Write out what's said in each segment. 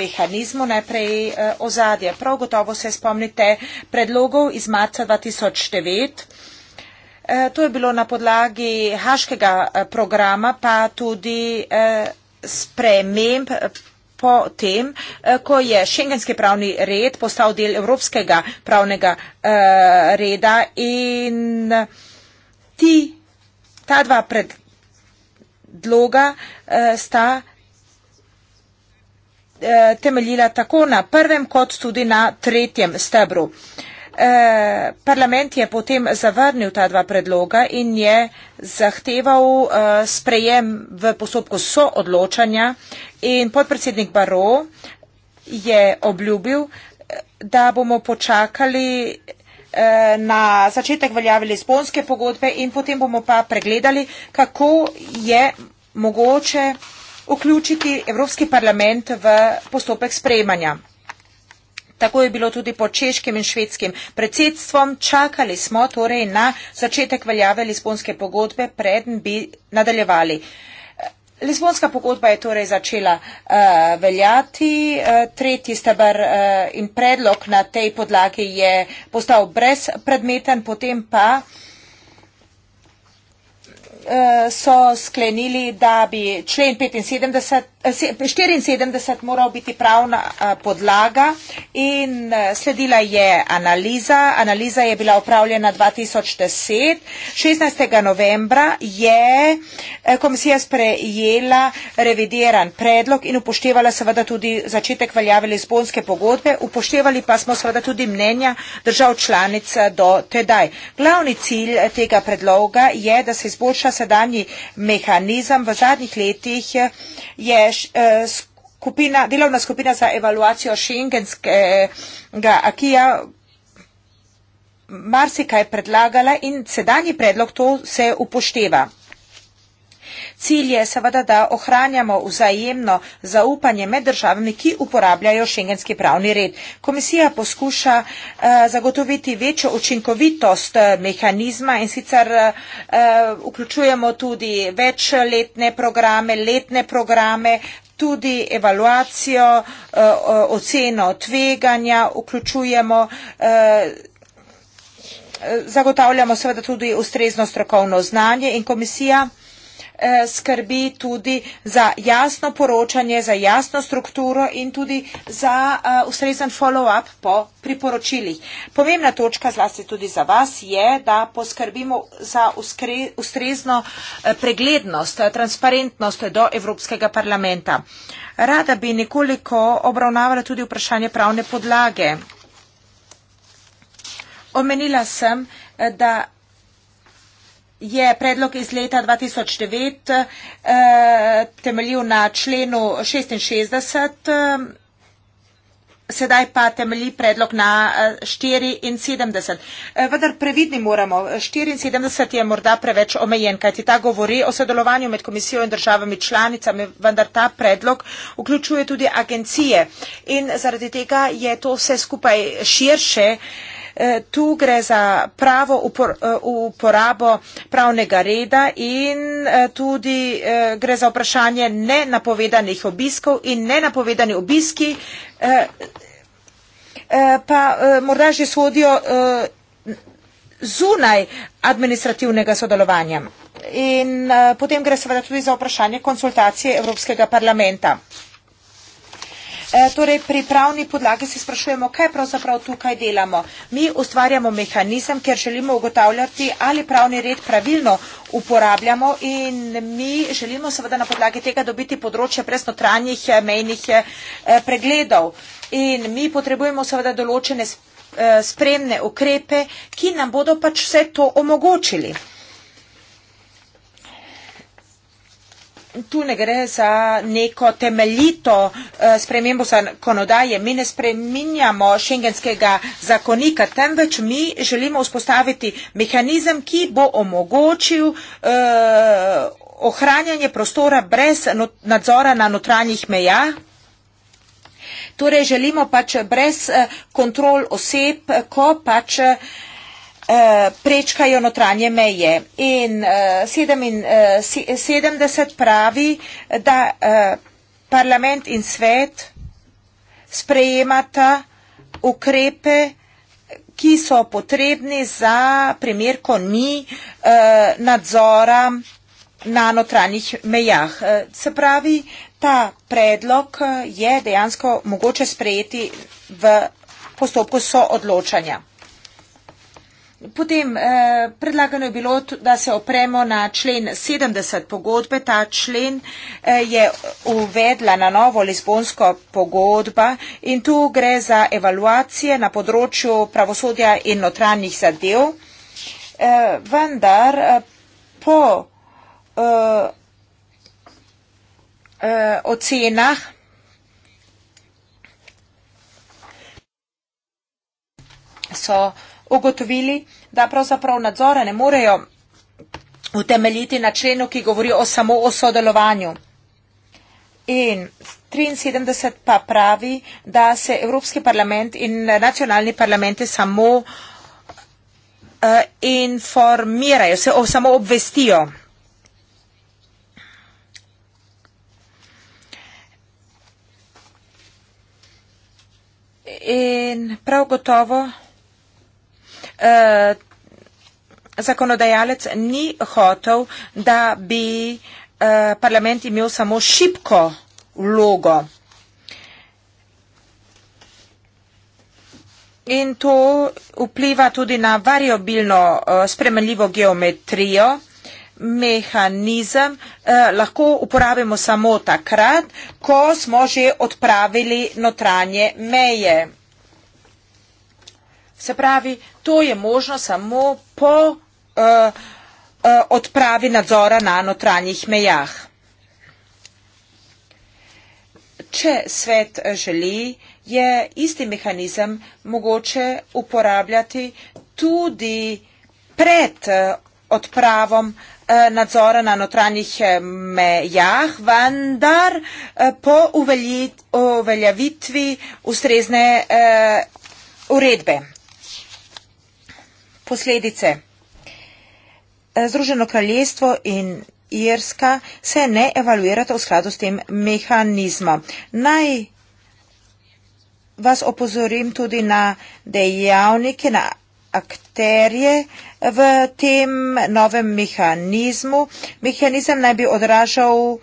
mehanizmu, najprej eh, ozadje. Prav gotovo se spomnite predlogov iz marca 2009. Eh, to je bilo na podlagi haškega eh, programa, pa tudi eh, sprememb. Eh, Po tem, eh, ko je šengenski pravni red postal del evropskega pravnega uh, reda in eh, ti, ta dva predloga uh, sta uh, Eh, temeljila tako na prvem kot tudi na tretjem stebru. Eh, parlament je potem zavrnil ta dva predloga in je zahteval eh, sprejem v postopku soodločanja in podpredsednik Baro je obljubil, da bomo počakali na začetek veljave Lisbonske pogodbe in potem bomo pa pregledali, kako je mogoče vključiti Evropski parlament v postopek sprejemanja. Tako je bilo tudi po češkim in švedskim predsedstvom. Čakali smo torej na začetek veljave Lisbonske pogodbe, preden bi nadaljevali. Lisbonska pogodba je torej začela uh, veljati, uh, tretji stebr uh, eh, in predlog na tej podlagi je postal brezpredmeten, potem pa uh, Eh, so sklenili, da bi člen 75, 74 eh, moral biti pravna eh, podlaga in sledila je analiza. Analiza je bila upravljena 2010. 16. novembra je komisija sprejela revideran predlog in upoštevala seveda tudi začetek veljave Lizbonske pogodbe, upoštevali pa smo seveda tudi mnenja držav članic do tedaj. Glavni cilj tega predloga je, da se izboljša sedanji mehanizem. V zadnjih letih je eh, skupina, delovna skupina za evaluacijo šengenskega akija marsikaj predlagala in sedanji predlog to se upošteva. Cilj je seveda, da ohranjamo vzajemno zaupanje med državami, ki uporabljajo šengenski pravni red. Komisija poskuša eh, zagotoviti večjo učinkovitost eh, mehanizma in sicer eh, vključujemo tudi večletne programe, letne programe tudi evaluacijo, oceno tveganja, vključujemo, zagotavljamo seveda tudi ustrezno strokovno znanje in komisija Eh, skrbi tudi za jasno poročanje, za jasno strukturo in tudi za eh, ustrezen follow-up po priporočilih. Pomembna točka zlasti tudi za vas je, da poskrbimo za ustrezno eh, preglednost, transparentnost do Evropskega parlamenta. Rada bi nekoliko obravnavala tudi vprašanje pravne podlage. Omenila sem, da je predlog iz leta 2009 eh, temeljil na členu 66, eh, sedaj pa temelji predlog na eh, 74. Eh, vendar previdni moramo, 74 je morda preveč omejen, kajti ta govori o sodelovanju med komisijo in državami članicami, vendar ta predlog vključuje tudi agencije in zaradi tega je to vse skupaj širše. Eh, tu gre za pravo upor, uporabo pravnega reda in eh, tudi eh, gre za vprašanje nenapovedanih obiskov in nenapovedani obiski eh, pa morda že sodijo zunaj administrativnega sodelovanja. In potem gre seveda tudi za vprašanje konsultacije Evropskega parlamenta. E, torej, pri pravni podlagi se sprašujemo, kaj pravzaprav tukaj delamo. Mi ustvarjamo mehanizem, ker želimo ugotavljati, ali pravni red pravilno uporabljamo in mi želimo seveda na podlagi tega dobiti področje brez notranjih eh, mejnih eh, pregledov. In mi potrebujemo seveda določene eh, spremne ukrepe, ki nam bodo pač vse to omogočili. tu ne gre za neko temeljito eh, spremembo zakonodaje. Mi ne spreminjamo šengenskega zakonika, temveč mi želimo vzpostaviti mehanizem, ki bo omogočil eh, ohranjanje prostora brez nadzora na notranjih meja. Torej želimo pač brez eh, kontrol oseb, ko pač prečkajo notranje meje. In 77 eh, eh, pravi, da eh, parlament in svet sprejemata ukrepe, ki so potrebni za primer, ko ni nadzora na notranjih mejah. Se pravi, ta predlog je dejansko mogoče sprejeti v postopku soodločanja. Potem eh, predlagano je bilo, da se opremo na člen 70 pogodbe. Ta člen eh, je uvedla na novo Lisbonsko pogodba in tu gre za evaluacije na področju pravosodja in notranjih zadev. Eh, vendar eh, po eh, eh, ocenah. So, ugotovili, da pravzaprav nadzora ne morejo utemeljiti na členu, ki govori o samo o sodelovanju. In 73 pa pravi, da se Evropski parlament in nacionalni parlamenti samo uh, informirajo, se o, samo obvestijo. In prav gotovo. Eh, zakonodajalec ni hotel, da bi eh, parlament imel samo šipko vlogo. In to vpliva tudi na variabilno eh, spremenljivo geometrijo, mehanizem, lahko uporabimo samo takrat, ko smo že odpravili notranje meje. Se pravi, to je možno samo po uh, uh, odpravi nadzora na notranjih mejah. Če svet eh, želi, je isti mehanizem mogoče uporabljati tudi pred odpravom nadzora na notranjih mejah, vendar po uveljavitvi ustrezne uredbe posledice. Eh, Združeno kraljestvo in Irska se ne evaluirata v skladu s tem mehanizmom. Naj vas opozorim tudi na dejavnike, na akterje v tem novem mehanizmu. Mehanizem naj bi odražal uh,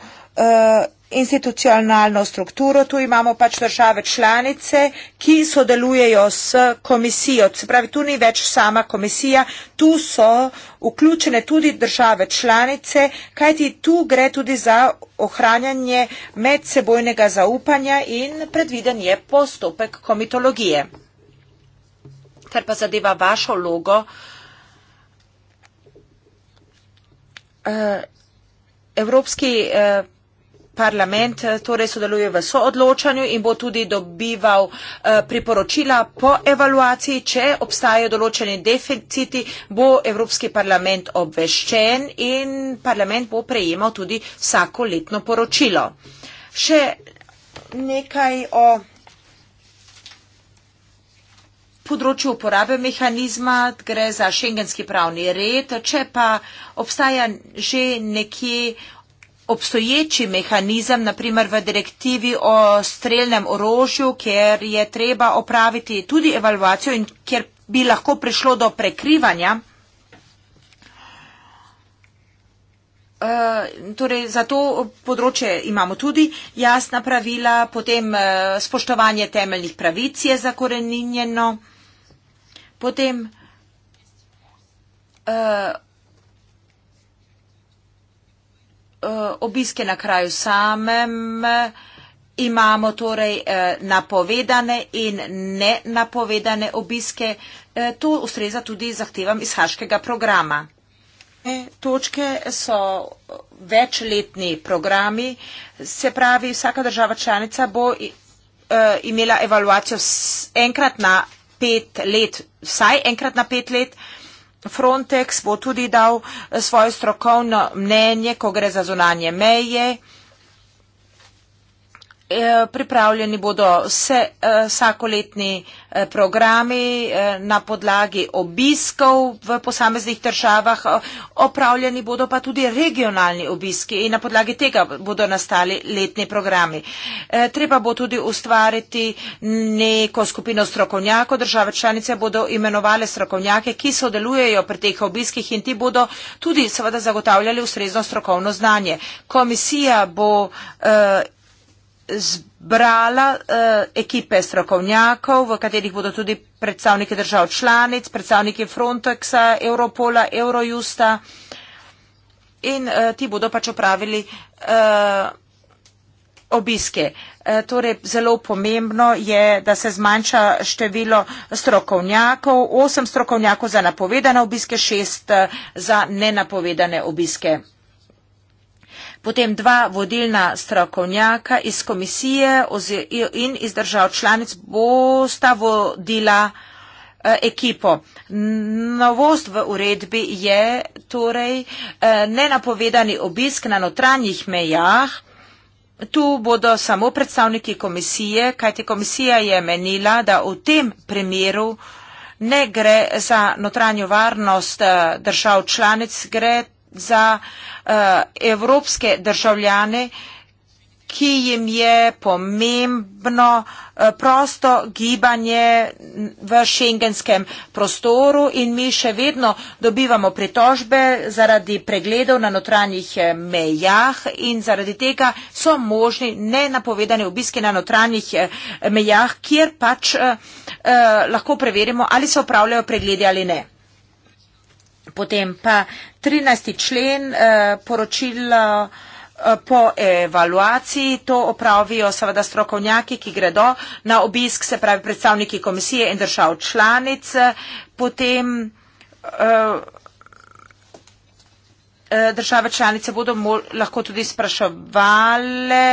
institucionalno strukturo, tu imamo pač države članice, ki sodelujejo s komisijo. Se pravi, tu ni več sama komisija, tu so vključene tudi države članice, kajti tu gre tudi za ohranjanje medsebojnega zaupanja in predviden je postopek komitologije. Kar pa zadeva vašo logo, eh, Evropski eh, parlament eh, torej sodeluje v soodločanju in bo tudi dobival eh, priporočila po evaluaciji, če obstajajo določeni deficiti, bo Evropski parlament obveščen in parlament bo prejemal tudi vsako letno poročilo. Še nekaj o področju uporabe mehanizma, gre za šengenski pravni red, če pa obstaja že nekje obstoječi mehanizem, naprimer v direktivi o strelnem orožju, kjer je treba opraviti tudi evaluacijo in kjer bi lahko prišlo do prekrivanja. Uh, torej, za to področje imamo tudi jasna pravila, potem uh, spoštovanje temeljnih pravic je zakoreninjeno, potem uh, Eh, obiske na kraju samem imamo torej eh, napovedane in nenapovedane obiske. Eh, to ustreza tudi zahtevam iz haškega programa. E, točke so večletni programi, se pravi vsaka država članica bo imela evaluacijo enkrat na pet let, vsaj enkrat na pet let. Frontex bo tudi dal eh, svoje strokovno mnenje, ko gre za zunanje meje. Eh, pripravljeni bodo vse, eh, vsakoletni eh, programi na podlagi obiskov v posameznih državah, opravljeni bodo pa tudi regionalni obiski in na podlagi tega bodo nastali letni programi. Treba bo tudi ustvariti neko skupino strokovnjakov, države članice bodo imenovali strokovnjake, ki sodelujejo pri teh obiskih in ti bodo tudi seveda zagotavljali ustrezno strokovno znanje. Komisija bo zbrala uh, ekipe strokovnjakov, v katerih bodo tudi predstavniki držav članic, predstavniki Frontexa, Europola, Eurojusta in uh, ti bodo pač opravili uh, obiske. Uh, torej, zelo pomembno je, da se zmanjša število strokovnjakov, osem strokovnjakov za napovedane obiske, šest uh, za nenapovedane obiske potem dva vodilna strokovnjaka iz komisije in iz držav članic bosta vodila eh, ekipo. Novost v uredbi je torej eh, nenapovedani obisk na notranjih mejah. Tu bodo samo predstavniki komisije, kajti komisija je menila, da v tem primeru ne gre za notranjo varnost eh, držav članic, gre za eh, evropske državljane, ki jim je pomembno eh, prosto gibanje v šengenskem prostoru in mi še vedno dobivamo pritožbe zaradi pregledov na notranjih eh, mejah in zaradi tega so možni nenapovedane obiske na notranjih mejah, kjer pač eh, lahko preverimo, ali se upravljajo pregledi ali ne potem pa 13. člen eh, poročila eh, po evaluaciji, to opravijo seveda strokovnjaki, ki gredo na obisk, se pravi predstavniki komisije in držav članic, potem eh, države članice bodo lahko tudi spraševali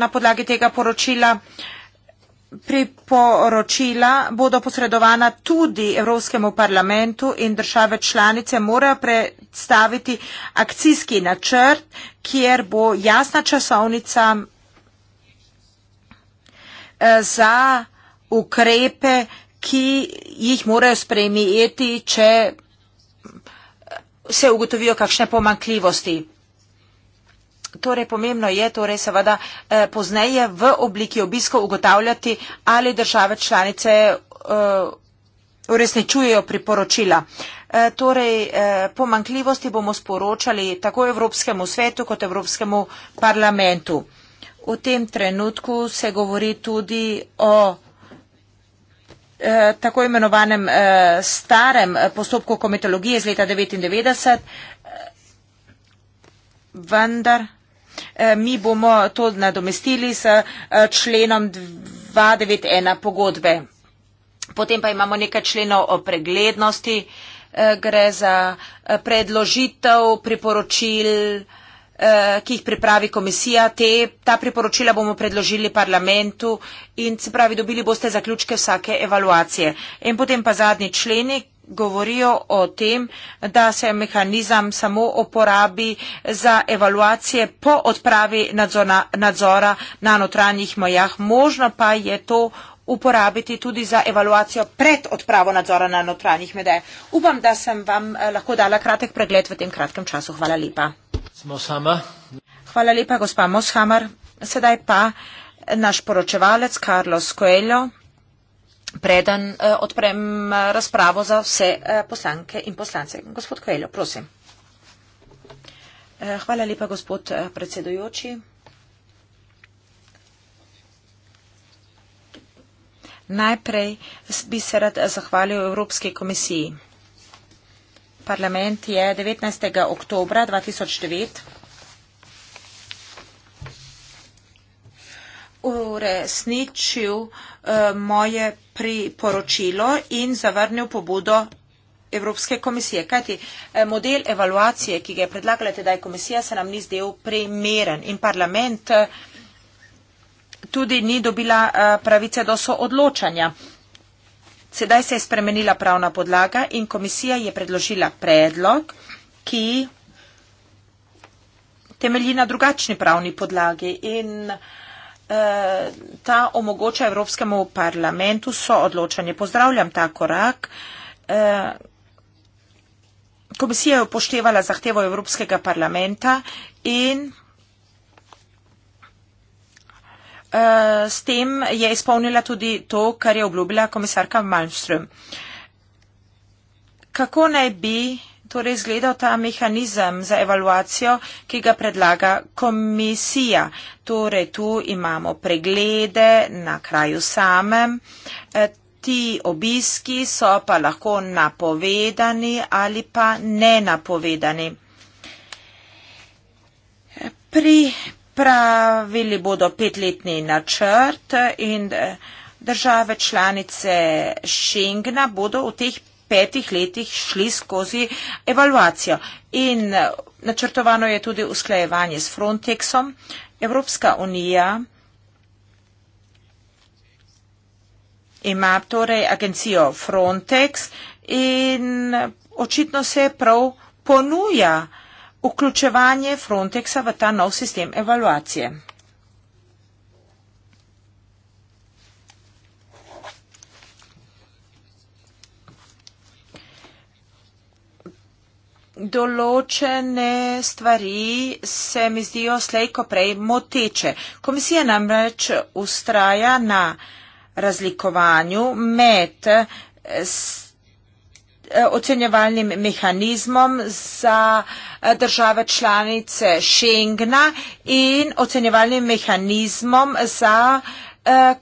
na podlagi tega poročila priporočila bodo posredovana tudi Evropskemu parlamentu in države članice morajo predstaviti akcijski načrt, kjer bo jasna časovnica eh, za ukrepe, ki jih morajo sprejmijeti, če se ugotovijo kakšne pomankljivosti. Torej, pomembno je torej seveda eh, pozneje v obliki obiskov ugotavljati, ali države članice eh, uresničujejo priporočila. Eh, torej, eh, pomankljivosti bomo sporočali tako Evropskemu svetu kot Evropskemu parlamentu. V tem trenutku se govori tudi o eh, tako imenovanem eh, starem eh, postopku komitologije iz leta 1999, eh, vendar. Eh, mi bomo to nadomestili s eh, členom 291 pogodbe. Potem pa imamo nekaj členov o preglednosti, eh, gre za predložitev priporočil, ki jih pripravi komisija. Te, ta priporočila bomo predložili parlamentu in se pravi, dobili boste zaključke vsake evaluacije. In potem pa zadnji členi, govorijo o tem, da se mehanizam samo uporabi za evaluacije po odpravi nadzora, nadzora na notranjih mojah. Možno pa je to uporabiti tudi za evaluacijo pred odpravo nadzora na notranjih medeje. Upam, da sem vam eh, lahko dala kratek pregled v tem kratkem času. Hvala lepa. Hvala lepa, gospa Moshamar. Sedaj pa naš poročevalec Carlos Coelho preden uh, odprem uh, razpravo za vse uh, poslanke in poslance. Gospod Kajlo, prosim. Uh, hvala lepa, gospod uh, predsedujoči. Najprej bi se rad zahvalil Evropski komisiji. Parlament je 19. oktober 2009 uresničil uh, moje priporočilo in zavrnil pobudo Evropske komisije. Kajti eh, model evaluacije, ki ga je predlagala tedaj komisija, se nam ni zdel primeren in parlament eh, tudi ni dobila pravice do soodločanja. Sedaj se je spremenila pravna podlaga in komisija je predložila predlog, ki temelji na drugačni pravni podlagi in uh, ta omogoča Evropskemu parlamentu so odločanje. Pozdravljam ta korak. E, komisija je upoštevala zahtevo Evropskega parlamenta in e, s tem je izpolnila tudi to, kar je obljubila komisarka Malmström. Kako naj bi torej izgledal ta mehanizem za evaluacijo, ki ga predlaga komisija. Torej, tu imamo preglede na kraju samem. E, ti obiski so pa lahko napovedani ali pa nenapovedani. Pripravili bodo petletni načrt in e, države članice Schengna bodo v teh petih letih šli skozi evaluacijo. In eh, načrtovano je tudi usklajevanje s Frontexom. Evropska unija ima torej agencijo Frontex in eh, očitno se prav ponuja vključevanje Frontexa v ta nov sistem evaluacije. določene stvari se mi zdijo slejko prej moteče. Komisija namreč ustraja na razlikovanju med ocenjevalnim mehanizmom za države članice Schengna in ocenjevalnim mehanizmom za eh,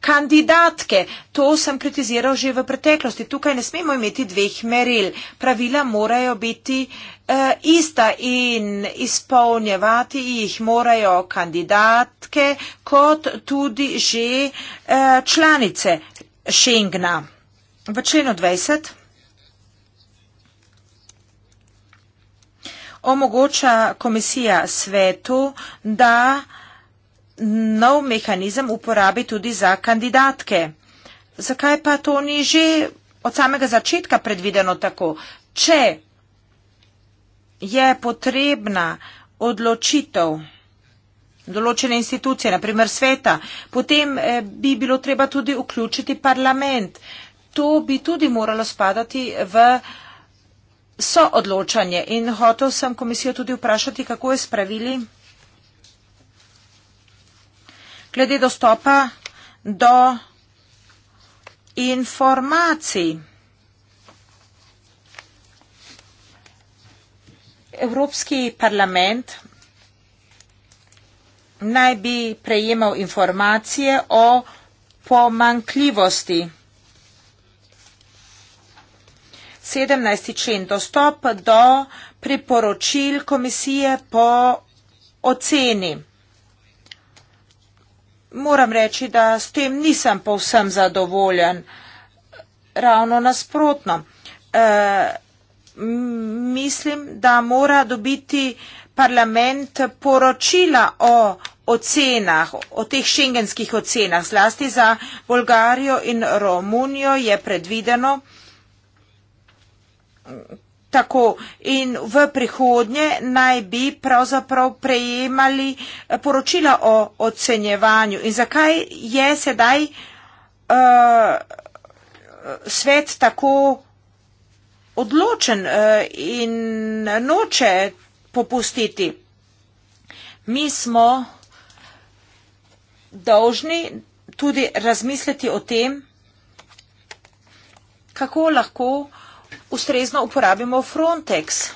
kandidatke. To sem kritiziral že v preteklosti. Tukaj ne smemo imeti dveh meril. Pravila morajo biti uh, ista in izpolnjevati jih morajo kandidatke kot tudi že uh, članice Schengna. V členu 20. Omogoča komisija svetu, da uh, nov mehanizem uporabi tudi za kandidatke. Zakaj pa to ni že od samega začetka predvideno tako? Če je potrebna odločitev določene institucije, naprimer sveta, potem eh, bi bilo treba tudi vključiti parlament. To bi tudi moralo spadati v soodločanje. In hotel sem komisijo tudi vprašati, kako je spravili glede dostopa do informacij. Evropski parlament naj bi prejemal informacije o pomankljivosti. 17. člen dostop do priporočil komisije po oceni. Moram reči, da s tem nisem povsem zadovoljen. Ravno nasprotno. E, mislim, da mora dobiti parlament poročila o ocenah, o teh šengenskih ocenah, zlasti za Bolgarijo in Romunijo je predvideno, Tako in v prihodnje naj bi pravzaprav prejemali eh, poročila o ocenjevanju. In zakaj je sedaj uh, svet tako odločen uh, in noče popustiti? Mi smo dolžni tudi razmisliti o tem, kako lahko uh, ustrezno uporabimo Frontex.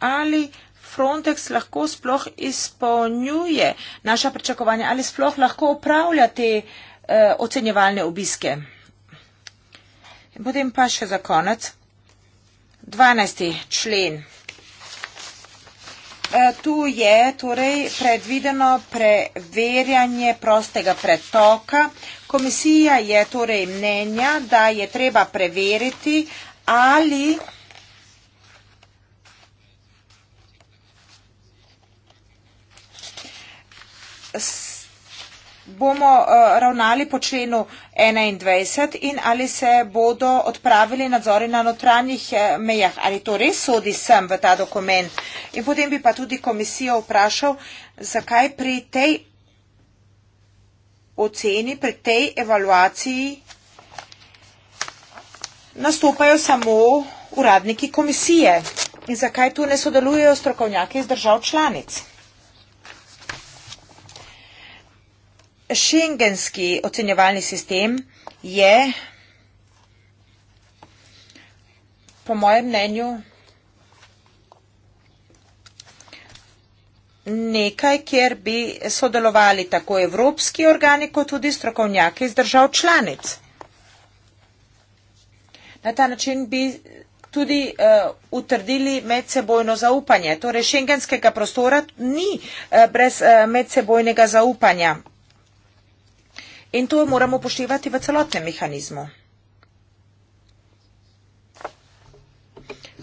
Ali Frontex lahko sploh izpolnjuje naša pričakovanja, ali sploh lahko upravlja te eh, ocenjevalne obiske. Potem pa še za konec 12. člen. Eh, tu je torej predvideno preverjanje prostega pretoka. Komisija je torej mnenja, da je treba preveriti, ali se bomo eh, ravnali po členu 21 in ali se bodo odpravili nadzori na notranjih eh, mejah, ali to res sodi sem v ta dokument. In potem bi pa tudi komisijo vprašal, zakaj pri tej oceni, pri tej evaluaciji nastopajo samo uradniki komisije in zakaj tu ne sodelujejo strokovnjaki iz držav članic. Šengenski ocenjevalni sistem je po mojem mnenju nekaj, kjer bi sodelovali tako evropski organi, kot tudi strokovnjaki iz držav članic. Na ta način bi tudi uh, utrdili medsebojno zaupanje. Torej, šengenskega prostora ni uh, brez uh, medsebojnega zaupanja. In to moramo upoštevati v celotnem mehanizmu.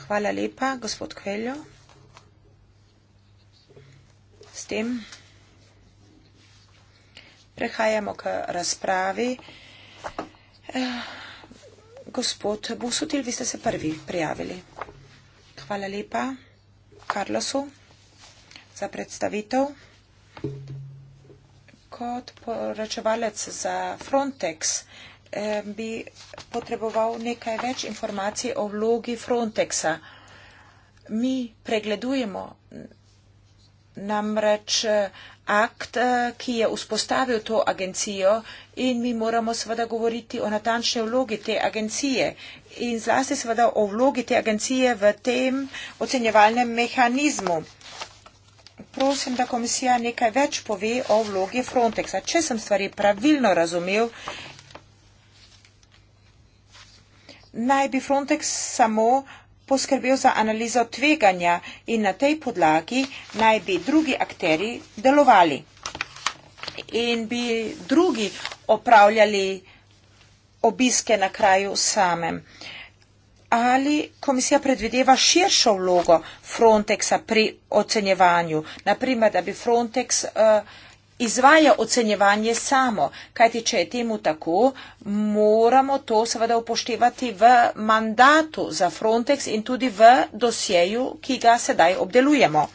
Hvala lepa, gospod Kveljo. S tem prehajamo k razpravi. Eh, gospod Busutil, vi ste se prvi prijavili. Hvala lepa, Karlosu, za predstavitev. Thank you kot poročevalec za Frontex eh, bi potreboval nekaj več informacij o vlogi Frontexa. Mi pregledujemo namreč eh, akt, eh, ki je vzpostavil to agencijo in mi moramo seveda govoriti o natančni vlogi te agencije in zlasti seveda o vlogi te agencije v tem ocenjevalnem mehanizmu prosim, da komisija nekaj več pove o vlogi Frontexa. Če sem stvari pravilno razumel, naj bi Frontex samo poskrbel za analizo tveganja in na tej podlagi naj bi drugi akteri delovali in bi drugi opravljali obiske na kraju samem. Uh, ali komisija predvideva širšo vlogo Frontexa pri ocenjevanju, naprimer, da bi Frontex uh, eh, izvaja ocenjevanje samo, kajti če je temu tako, moramo to seveda upoštevati v mandatu za Frontex in tudi v dosjeju, ki ga sedaj obdelujemo.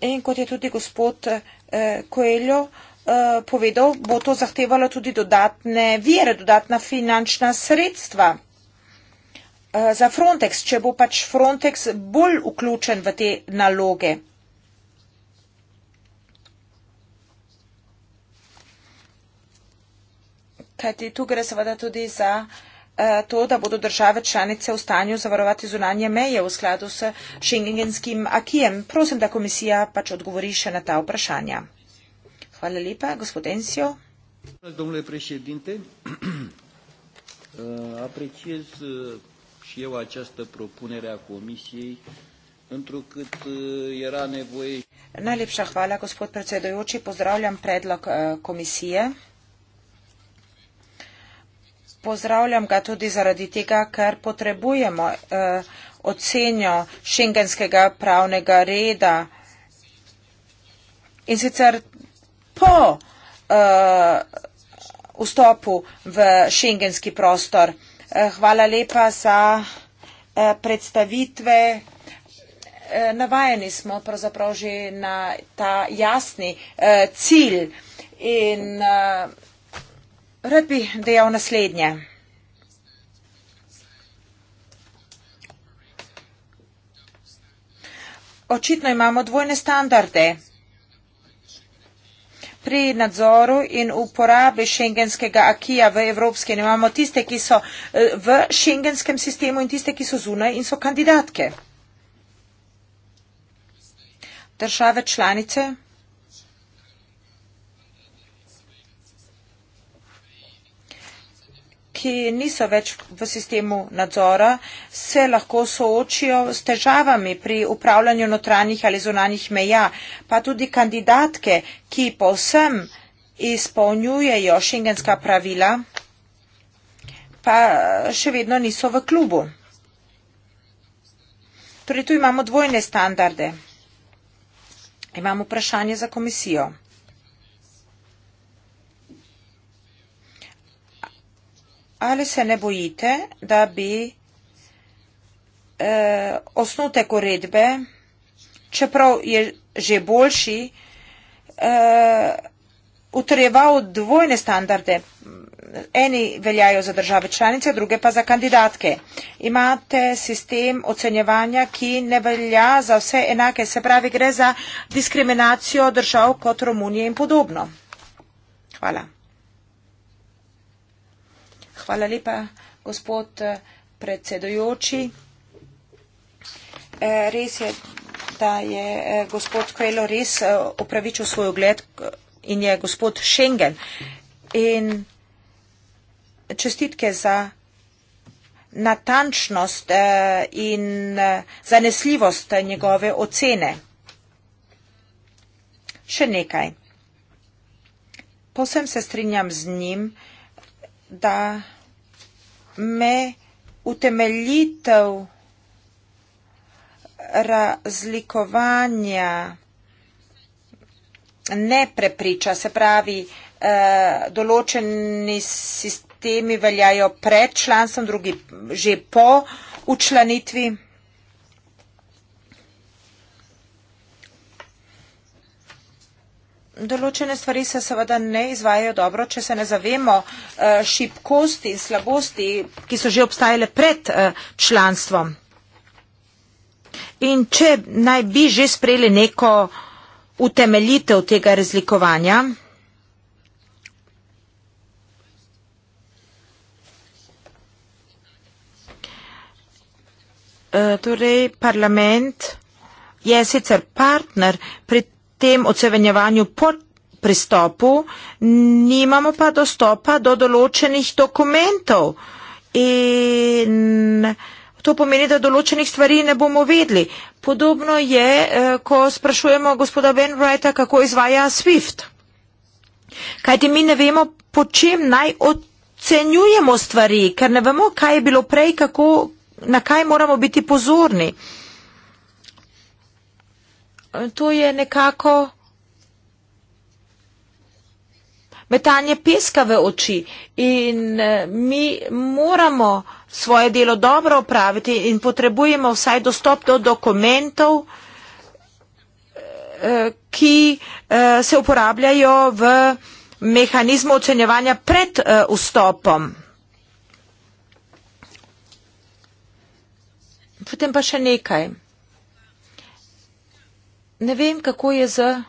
In kot je tudi gospod uh, eh, Koeljo, uh, Eh, povedal, bo to zahtevalo tudi dodatne vire, dodatna finančna sredstva eh, za Frontex, če bo pač Frontex bolj vključen v te naloge. Kajti tu gre seveda tudi za eh, to, da bodo države članice v stanju zavarovati zunanje meje v skladu s šengenskim akijem. Prosim, da komisija pač odgovori še na ta vprašanja. Hvala lepa. Gospod Ensio. Domnule președinte, uh, apreciez uh, și eu această propunere a Comisiei întrucât uh, era nevoie... Najlepša hvala, gospod predsedojoči. Pozdravljam predlog komisije. Pozdravljam ga tudi zaradi tega, ker potrebujemo ocenjo šengenskega pravnega reda. In sicer po uh, vstopu v šengenski prostor. Uh, hvala lepa za uh, predstavitve. Navajeni smo pravzaprav že na ta jasni eh, cilj in eh, rad bi dejal naslednje. Očitno imamo dvojne standarde pri nadzoru in uporabi šengenskega akija v Evropski uniji. Imamo tiste, ki so eh, v šengenskem sistemu in tiste, ki so zunaj in so kandidatke. Države članice. ki niso več v sistemu nadzora, se lahko soočijo s težavami pri upravljanju notranjih ali zunanjih meja, pa tudi kandidatke, ki povsem izpolnjujejo šengenska pravila, pa še vedno niso v klubu. Torej, tu imamo dvojne standarde. Imamo vprašanje za komisijo. ali se ne bojite, da bi eh, osnutek uredbe, čeprav je že boljši, eh, utrjeval dvojne standarde. Eni veljajo za države članice, druge pa za kandidatke. Imate sistem ocenjevanja, ki ne velja za vse enake, se pravi, gre za diskriminacijo držav kot Romunije in podobno. Hvala. Hvala lepa, gospod eh, predsedujoči. Eh, res je, da je eh, gospod Kvelo res upravičil svoj ogled in je gospod Schengen. In čestitke za natančnost in zanesljivost njegove ocene. Še nekaj. Posem se strinjam z njim, da me utemeljitev razlikovanja ne prepriča. Se pravi, eh, določeni sistemi veljajo pred članstvom, drugi že po učlanitvi. določene stvari se seveda ne izvajajo dobro, če se ne zavemo eh, šibkosti in slabosti, ki so že obstajale pred eh, članstvom. In če naj bi že sprejeli neko utemeljitev tega razlikovanja, eh, torej parlament je sicer partner pri tem ocevenjevanju po pristopu, nimamo pa dostopa do določenih dokumentov. In to pomeni, da določenih stvari ne bomo vedli. Podobno je, eh, ko sprašujemo gospoda Benwrighta, kako izvaja SWIFT. Kajti mi ne vemo, po čem naj ocenjujemo stvari, ker ne vemo, kaj je bilo prej, kako, na kaj moramo biti pozorni to je nekako metanje peska v oči in eh, mi moramo svoje delo dobro opraviti in potrebujemo vsaj dostop do dokumentov, eh, ki eh, se uporabljajo v mehanizmu ocenjevanja pred vstopom. Potem pa še nekaj ne vem, kako je z.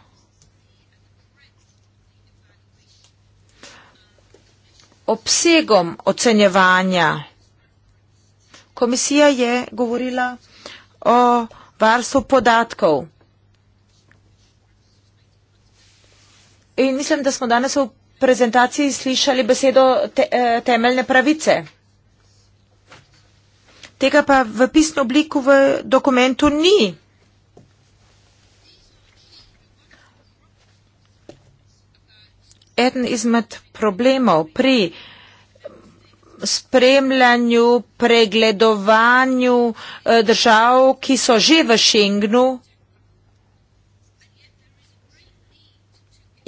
Obsegom ocenjevanja. Komisija je govorila o varstvu podatkov. In mislim, da smo danes v prezentaciji slišali besedo te, e, temeljne pravice. Tega pa v pisni obliku v dokumentu ni. eden izmed problemov pri spremljanju, pregledovanju eh, držav, ki so že v Šengnu,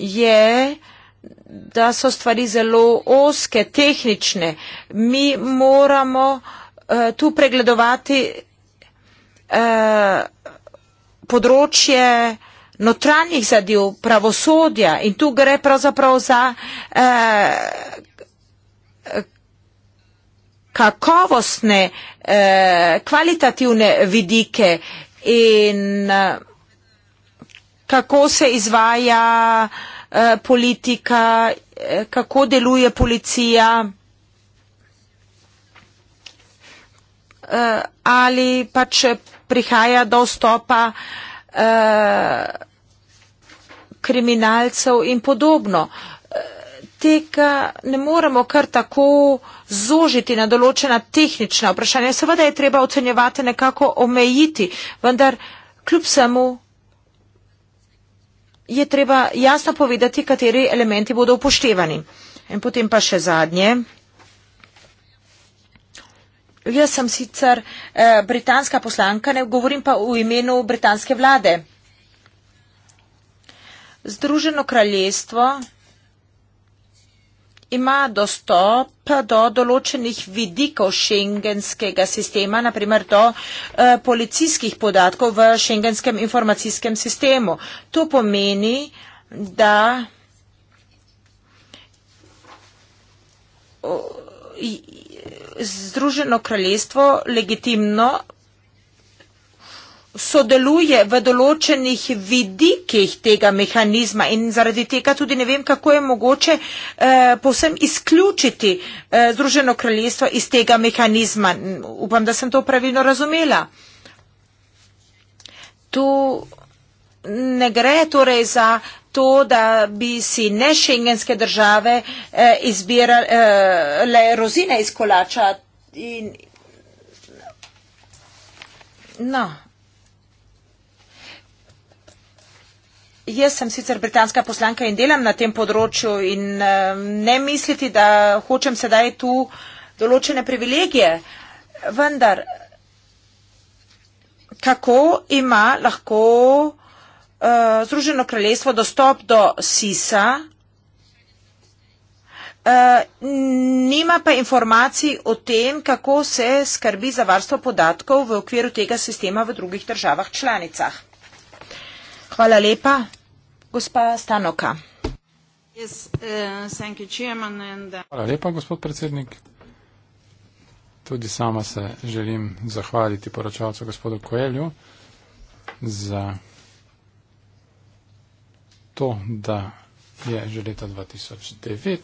je, da so stvari zelo oske, tehnične. Mi moramo eh, tu pregledovati eh, področje, ki je, notranjih zadev, pravosodja in tu gre pravzaprav za eh, kakovostne, eh, kvalitativne vidike in eh, kako se izvaja politika, kako deluje policija, ali pač prihaja do stopa politika, kriminalcev in podobno. Tega ne moremo kar tako zožiti na določena tehnična vprašanja. Seveda je treba ocenjevati nekako omejiti, vendar kljub samo je treba jasno povedati, kateri elementi bodo upoštevani. In potem pa še zadnje. Jaz sem sicer eh, britanska poslanka, ne govorim pa v imenu britanske vlade. Združeno kraljestvo ima dostop do določenih vidikov šengenskega sistema, naprimer do eh, policijskih podatkov v šengenskem informacijskem sistemu. To pomeni, da Združeno kraljestvo legitimno sodeluje v določenih vidikih tega mehanizma in zaradi tega tudi ne vem, kako je mogoče eh, posem izključiti eh, Združeno kraljestvo iz tega mehanizma. Upam, da sem to pravilno razumela. Tu ne gre torej za to, da bi si ne šengenske države eh, izbirale eh, rozine iz kolača. In... No. jaz sem sicer britanska poslanka in delam na tem področju in eh, ne misliti, da hočem sedaj tu določene privilegije, vendar kako ima lahko uh, Združeno kraljestvo dostop do SIS-a, uh, nima pa informacij o tem, kako se skrbi za varstvo podatkov v okviru tega sistema v drugih državah članicah. Hvala lepa. Uh, uh, Hvala lepa, gospod predsednik. Tudi sama se želim zahvaliti poročalcu gospodu Koelju za to, da je že leta 2009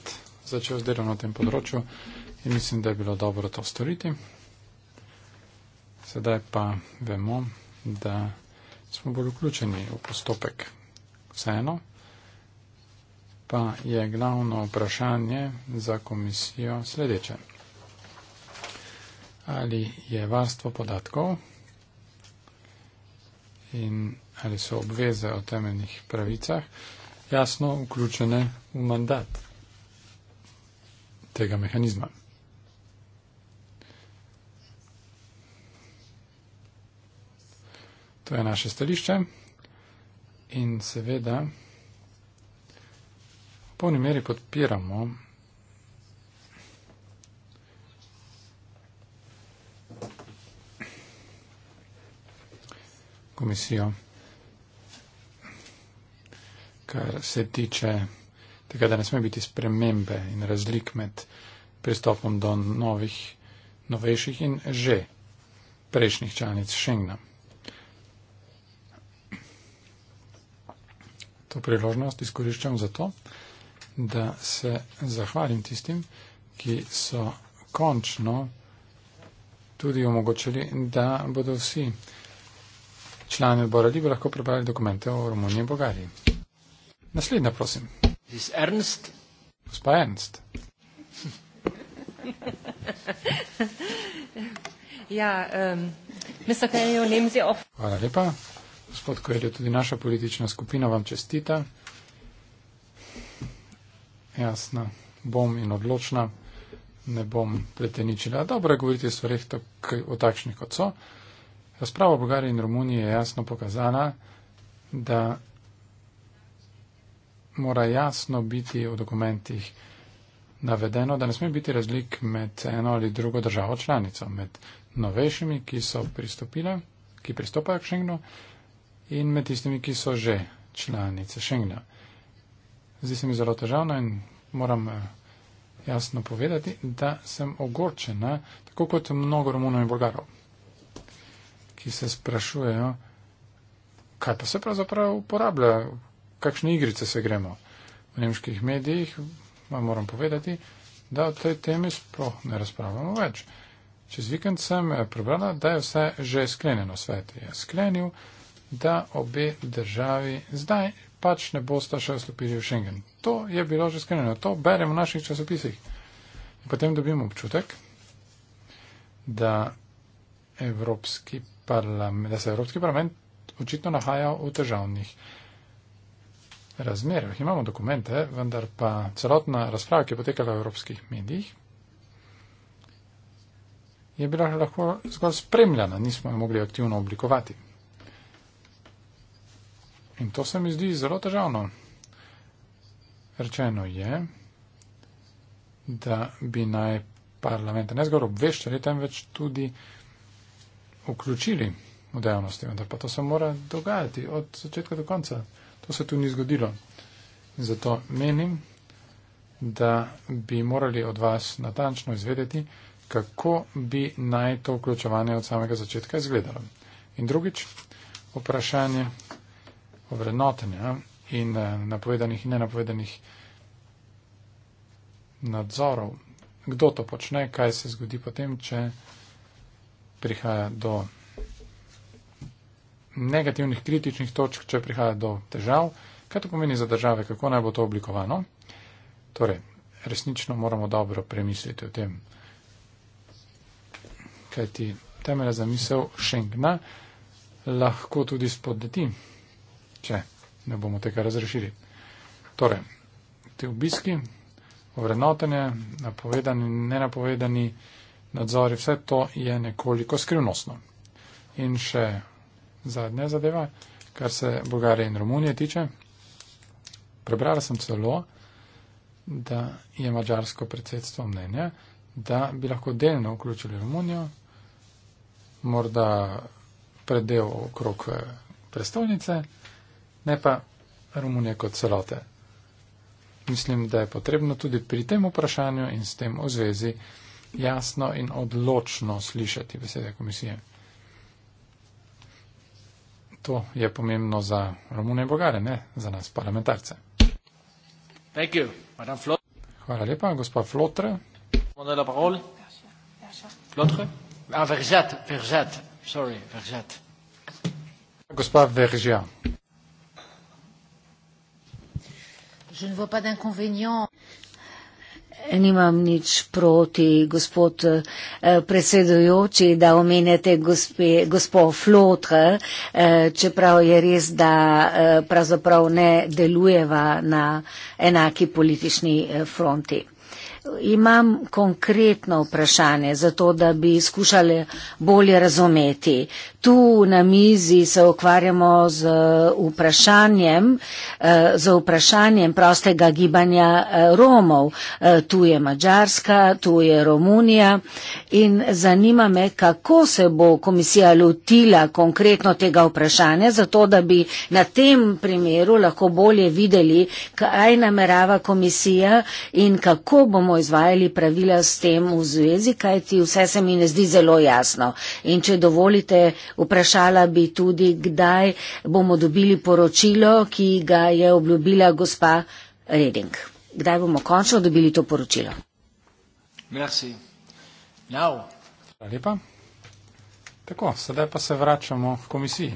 začel z delom na tem področju in mislim, da je bilo dobro to storiti. Sedaj pa vemo, da smo bolj vključeni v postopek vseeno, pa je glavno vprašanje za komisijo sledeče. Ali je varstvo podatkov in ali so obveze o temeljnih pravicah jasno vključene v mandat tega mehanizma? To je naše stališče. In seveda, v polni meri podpiramo komisijo, kar se tiče tega, da ne sme biti spremembe in razlik med pristopom do novih, novejših in že prejšnjih članic Schengna. to priložnost izkoriščam za to, da se zahvalim tistim, ki so končno tudi omogočili, da bodo vsi člani odbora Libe lahko prebrali dokumente o Romuniji in Bolgariji. Naslednja, prosim. Is Ernst? Gospa Ernst. ja, um, mislim, da je v Nemčiji. Hvala lepa. Gospod Koelj, tudi naša politična skupina vam čestita. Jasna, bom in odločna, ne bom preteničila. Dobro je govoriti o stvarih o takšnih, kot so. Razprava o Bolgariji in Romuniji je jasno pokazala, da mora jasno biti v dokumentih navedeno, da ne sme biti razlik med eno ali drugo državo članico, med novejšimi, ki so pristopile, ki pristopajo k Schengenu in med tistimi, ki so že članice Schengna. Zdi se mi zelo težavno in moram eh, jasno povedati, da sem ogorčena, tako kot mnogo Romunov in Bolgarov, ki se sprašujejo, kaj pa se pravzaprav uporablja, kakšne igrice se gremo. V nemških medijih vam moram povedati, da o tej temi sploh ne razpravljamo več. Čez vikend sem eh, prebrala, da je vse že sklenjeno. Svet je sklenil, da obe državi zdaj pač ne bosta še vstopili v Schengen. To je bilo že skrenjeno, to berem v naših časopisih. In potem dobimo občutek, da, Evropski da se Evropski parlament očitno nahaja v težavnih razmerah. Imamo dokumente, vendar pa celotna razprava, ki je potekala v evropskih medijih, je bila lahko zgolj spremljana, nismo jo mogli aktivno oblikovati. In to se mi zdi zelo težavno. Rečeno je, da bi naj parlamente ne zgolj obveščali, temveč tudi vključili v dejavnosti, vendar pa to se mora dogajati od začetka do konca. To se tu ni zgodilo. In zato menim, da bi morali od vas natančno izvedeti, kako bi naj to vključevanje od samega začetka izgledalo. In drugič, vprašanje, ovrednotenja ja, in eh, napovedanih in nenapovedanih nadzorov. Kdo to počne, kaj se zgodi potem, če prihaja do negativnih kritičnih točk, če prihaja do težav, kaj to pomeni za države, kako naj bo to oblikovano. Torej, resnično moramo dobro premisliti o tem, kaj ti temelj zamisel Schengna lahko tudi spodleti če ne bomo tega razrešili. Torej, te obiski, ovrednotenje, napovedani, nenapovedani nadzori, vse to je nekoliko skrivnostno. In še zadnja zadeva, kar se Bolgarije in Romunije tiče. Prebrala sem celo, da je mađarsko predsedstvo mnenja, da bi lahko delno vključili Romunijo, morda predel okrog eh, prestolnice, ne pa Romunija kot celote. Mislim, da je potrebno tudi pri tem vprašanju in s tem v zvezi jasno in odločno slišati besede komisije. To je pomembno za Romune in Bogare, ne za nas parlamentarce. Thank you, Hvala lepa, gospod Flotre. Ah, gospa Veržja. Je ne vois pas d'inconvénient. Nimam nič proti, gospod eh, predsedujoči, da omenjate gospod Flotr, eh, čeprav je res, da eh, pravzaprav ne delujeva na enaki politični eh, fronti imam konkretno vprašanje, zato da bi skušali bolje razumeti. Tu na mizi se ukvarjamo z vprašanjem, eh, z vprašanjem prostega gibanja eh, Romov. Eh, tu je Mačarska, tu je Romunija in zanima me, kako se bo komisija lotila konkretno tega vprašanja, zato da bi na tem primeru lahko bolje videli, kaj namerava komisija in kako bomo izvajali pravila s tem v zvezi, kajti vse se mi ne zdi zelo jasno. In če dovolite, vprašala bi tudi, kdaj bomo dobili poročilo, ki ga je obljubila gospa Reding. Kdaj bomo končno dobili to poročilo? Merci. Now. Hvala lepa. Tako, sedaj pa se vračamo k komisiji.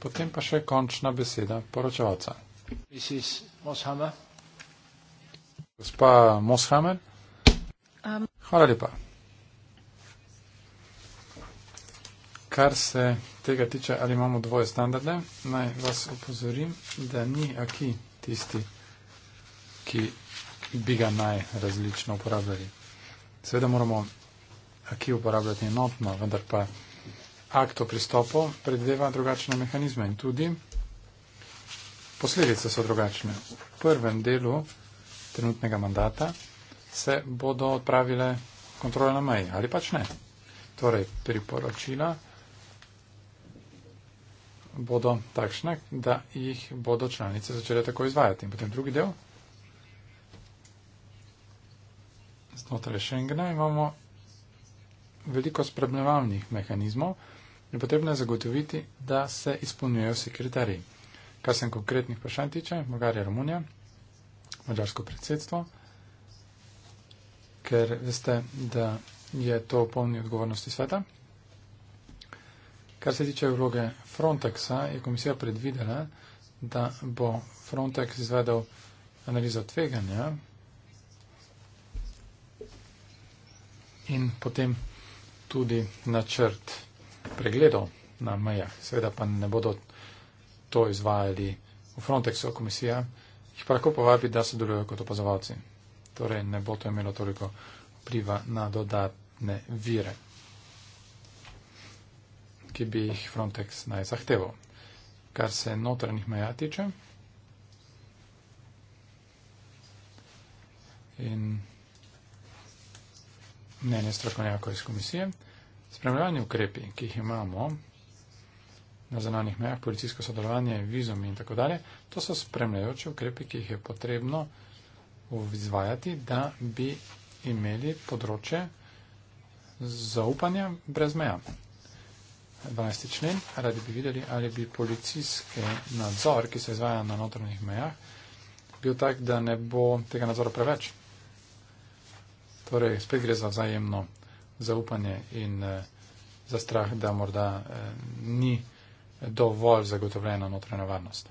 Potem pa še končna beseda poročevalca. This is Moshammer gospa Moshamer. Um. Hvala lepa. Kar se tega tiče, ali imamo dvoje standarde, naj vas upozorim, da ni aki tisti, ki bi ga najrazlično uporabljali. Seveda moramo aki uporabljati enotno, vendar pa akt o pristopu predveva drugačne mehanizme in tudi posledice so drugačne. V prvem delu trenutnega mandata, se bodo odpravile kontrole na meji ali pač ne. Torej, priporočila bodo takšne, da jih bodo članice začele tako izvajati. In potem drugi del. Znotraj Schengena imamo veliko spremljevalnih mehanizmov in potrebno je zagotoviti, da se izpolnjujejo vsi kriteriji. Kar se konkretnih vprašanj tiče, Bolgarija, Romunija mađarsko predsedstvo, ker veste, da je to polni odgovornosti sveta. Kar se tiče vloge Frontexa, je komisija predvidela, da bo Frontex izvedel analizo tveganja in potem tudi načrt pregledov na mejah. Seveda pa ne bodo to izvajali v Frontexu, komisija jih pa lahko povabi, da sodelujejo kot opazovalci. Torej ne bo to imelo toliko vpliva na dodatne vire, ki bi jih Frontex naj zahteval. Kar se notranjih meja tiče in mnenje strokovnjakov iz komisije, spremljanje ukrepi, ki jih imamo, na zananih mejah, policijsko sodelovanje, vizum in tako dalje. To so spremljajoče ukrepe, ki jih je potrebno izvajati, da bi imeli področje zaupanja brez meja. 12. člen, radi bi videli, ali bi policijski nadzor, ki se izvaja na notranjih mejah, bil tak, da ne bo tega nadzora preveč. Torej, spet gre za vzajemno zaupanje in eh, za strah, da morda eh, ni dovolj zagotovljena notranja varnost.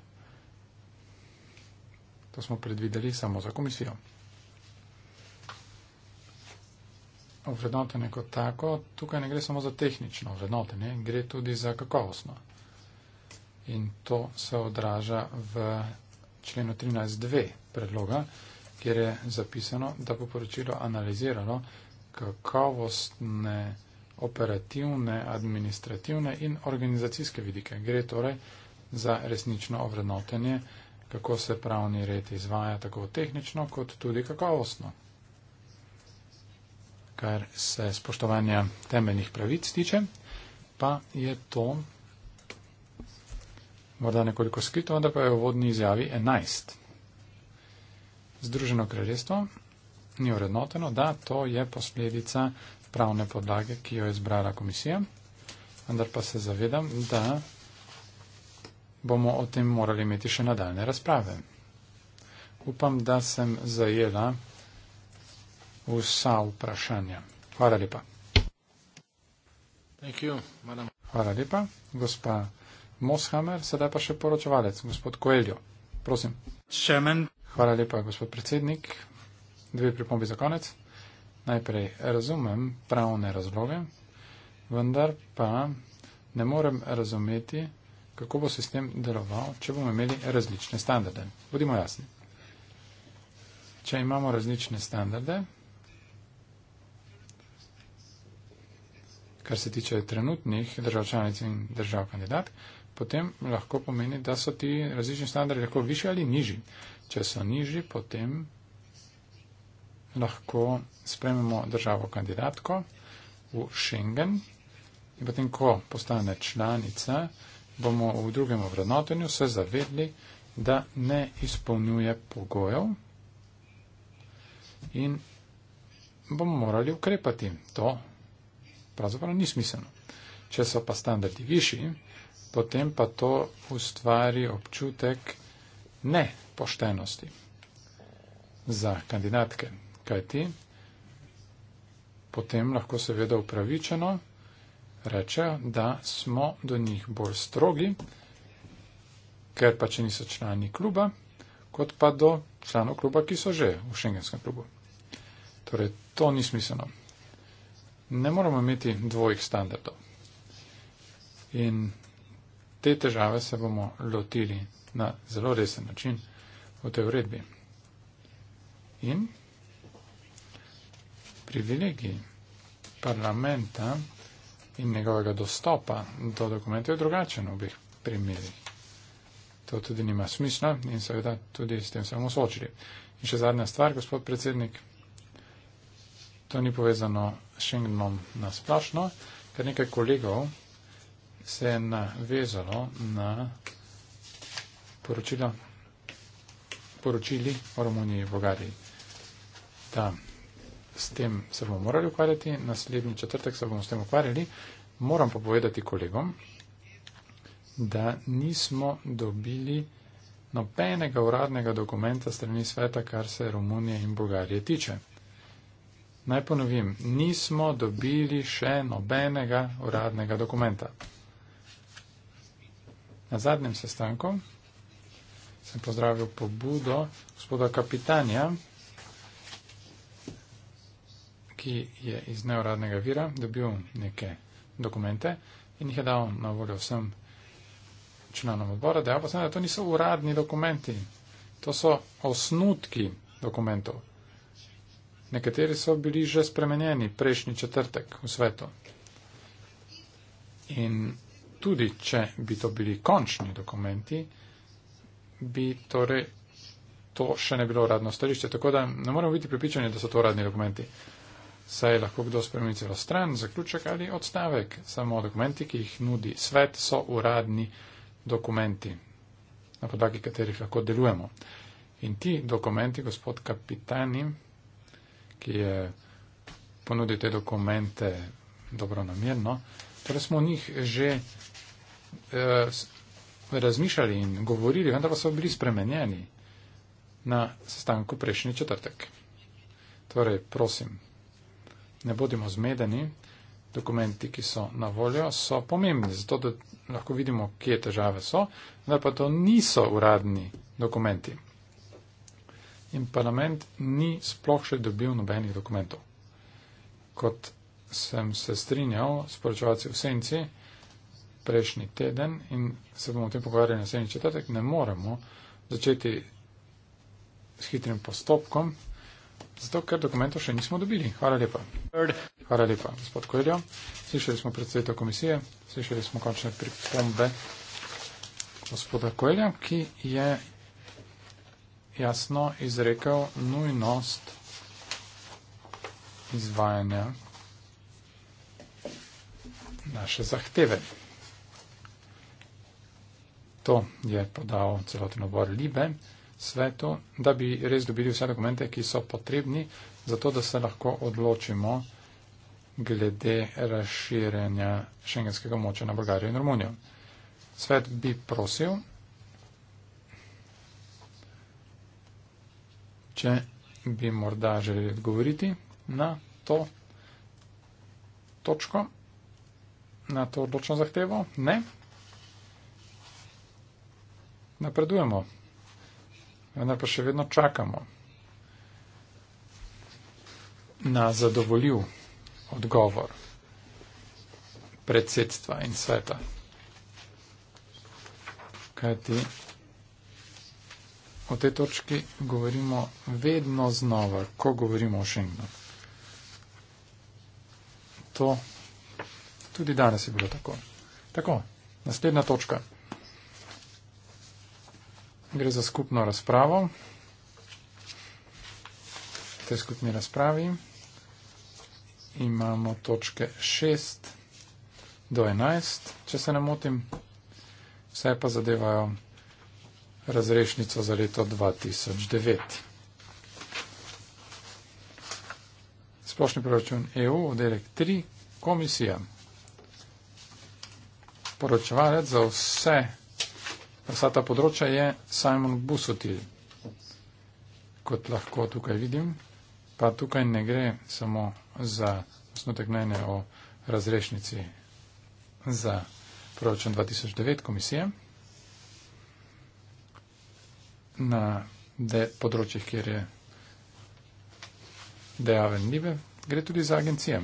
To smo predvideli samo za komisijo. Vrednotenje kot tako, tukaj ne gre samo za tehnično vrednotenje, gre tudi za kakovostno. In to se odraža v členu 13.2 predloga, kjer je zapisano, da bo poročilo analiziralo kakovostne operativne, administrativne in organizacijske vidike. Gre torej za resnično ovrednotenje, kako se pravni red izvaja tako tehnično kot tudi kakovostno. Kar se spoštovanja temeljnih pravic tiče, pa je to morda nekoliko skrito, vendar pa je v vodni izjavi 11. Združeno kraljestvo ni urednoteno, da to je posledica pravne podlage, ki jo je izbrala komisija, vendar pa se zavedam, da bomo o tem morali imeti še nadaljne razprave. Upam, da sem zajela vsa vprašanja. Hvala lepa. You, Hvala lepa, gospa Moshammer, sedaj pa še poročevalec, gospod Koeljo. Prosim. Hvala lepa, gospod predsednik. Dve pripombe za konec najprej razumem pravne razloge, vendar pa ne morem razumeti, kako bo sistem deloval, če bomo imeli različne standarde. Bodimo jasni. Če imamo različne standarde, kar se tiče trenutnih držav članic in držav kandidat, potem lahko pomeni, da so ti različni standardi lahko više ali nižji. Če so nižji, potem lahko sprememo državo kandidatko v Schengen in potem, ko postane članica, bomo v drugem vrednotenju se zavedli, da ne izpolnjuje pogojev in bomo morali ukrepati. To pravzaprav ni smiselno. Če so pa standardi višji, potem pa to ustvari občutek nepoštenosti za kandidatke kajti potem lahko seveda upravičeno rečejo, da smo do njih bolj strogi, ker pa če niso člani kluba, kot pa do članov kluba, ki so že v šengenskem klubu. Torej, to ni smiselno. Ne moramo imeti dvojih standardov. In te težave se bomo lotili na zelo resen način v tej uredbi. In privilegij parlamenta in njegovega dostopa do dokumentov je drugačen v obih primerih. To tudi nima smisla in seveda tudi s tem se bomo soočili. In še zadnja stvar, gospod predsednik, to ni povezano s Schengenom nasplošno, ker nekaj kolegov se je navezalo na poročila, poročili o Romuniji in Bogariji. Tam s tem se bomo morali ukvarjati, naslednji četrtek se bomo s tem ukvarjali. Moram pa povedati kolegom, da nismo dobili nobenega uradnega dokumenta strani sveta, kar se Romunije in Bulgarije tiče. Naj ponovim, nismo dobili še nobenega uradnega dokumenta. Na zadnjem sestanku sem pozdravil pobudo gospoda kapitanja, ki je iz neuradnega vira dobil neke dokumente in jih je dal na voljo vsem članom odbora, da je pa sem, da to niso uradni dokumenti, to so osnutki dokumentov. Nekateri so bili že spremenjeni prejšnji četrtek v svetu. In tudi, če bi to bili končni dokumenti, bi torej to še ne bilo uradno stališče. Tako da ne moremo biti pripričani, da so to uradni dokumenti. Saj je lahko kdo spremenil celo stran, zaključek ali odstavek. Samo dokumenti, ki jih nudi svet, so uradni dokumenti, na podlagi katerih lahko delujemo. In ti dokumenti, gospod kapitani, ki je ponudil te dokumente dobro namirno, torej smo o njih že eh, razmišljali in govorili, vendar pa so bili spremenjeni na sestanku prejšnji četrtek. Torej, prosim, ne bodimo zmedeni, dokumenti, ki so na voljo, so pomembni, zato da lahko vidimo, kje težave so, da pa to niso uradni dokumenti. In parlament ni sploh še dobil nobenih dokumentov. Kot sem se strinjal s poročevalci v senci prejšnji teden in se bomo o tem pogovarjali na senci četrtek, ne moremo začeti s hitrim postopkom, Zato, ker dokumentov še nismo dobili. Hvala lepa. Hvala lepa, gospod Koeljo. Slišali smo predsedstvo komisije, slišali smo končne pripombe gospoda Koelja, ki je jasno izrekel nujnost izvajanja naše zahteve. To je podal celoten obor Libe svetu, da bi res dobili vse dokumente, ki so potrebni, zato da se lahko odločimo glede razširjanja šengenskega moča na Bolgarijo in Romunijo. Svet bi prosil, če bi morda želeli odgovoriti na to točko, na to odločno zahtevo. Ne. Napredujemo vendar pa še vedno čakamo na zadovoljiv odgovor predsedstva in sveta. Kajti o tej točki govorimo vedno znova, ko govorimo o Schengenu. To tudi danes je bilo tako. Tako, naslednja točka gre za skupno razpravo. V tej skupni razpravi imamo točke 6 do 11, če se ne motim. Vse pa zadevajo razrešnico za leto 2009. Splošni proračun EU, oddelek 3, komisija. Poročevalec za vse vsa ta področja je Simon Busotil, kot lahko tukaj vidim. Pa tukaj ne gre samo za osnutek mnenja o razrešnici za proračun 2009 komisije na de, področjih, kjer je dejaven nive, gre tudi za agencije.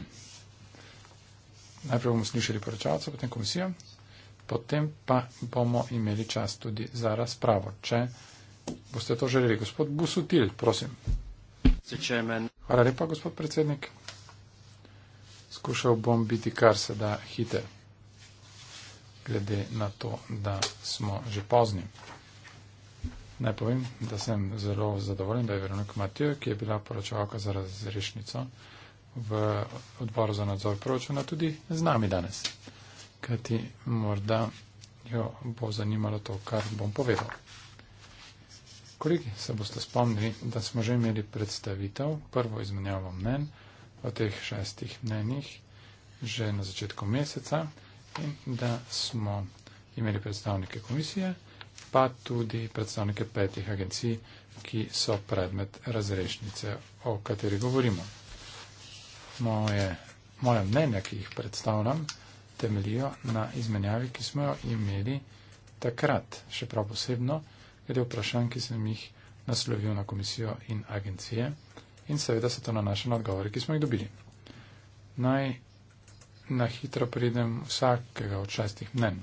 Najprej bomo slišali poročavca, potem komisijo potem pa bomo imeli čas tudi za razpravo, če boste to želeli. Gospod Busutil, prosim. Hvala lepa, gospod predsednik. Skušal bom biti kar se da hiter, glede na to, da smo že pozni. Naj povem, da sem zelo zadovoljen, da je Veronika Matijo, ki je bila poročevalka za razrešnico v odboru za nadzor proračuna, tudi z nami danes kajti morda jo bo zanimalo to, kar bom povedal. Kolegi se boste spomnili, da smo že imeli predstavitev, prvo izmenjavo mnen o teh šestih mnenjih že na začetku meseca in da smo imeli predstavnike komisije, pa tudi predstavnike petih agencij, ki so predmet razrešnice, o kateri govorimo. Moje, moje mnenje, ki jih predstavljam, temeljijo na izmenjavi, ki smo jo imeli takrat, še prav posebno, glede vprašanj, ki sem jih naslovil na komisijo in agencije in seveda se to nanaša na odgovore, ki smo jih dobili. Naj na hitro pridem vsakega od šestih mnen.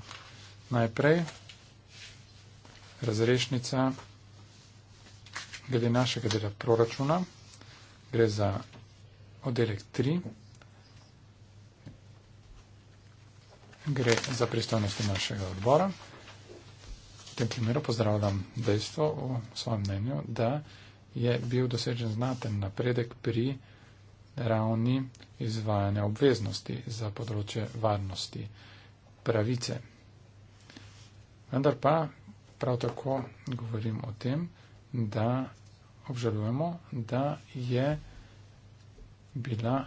Najprej razrešnica glede našega dela proračuna, gre za oddelek 3, gre za pristojnosti našega odbora. V tem primeru pozdravljam dejstvo v svojem mnenju, da je bil dosežen znaten napredek pri ravni izvajanja obveznosti za področje varnosti pravice. Vendar pa prav tako govorim o tem, da obžalujemo, da je bila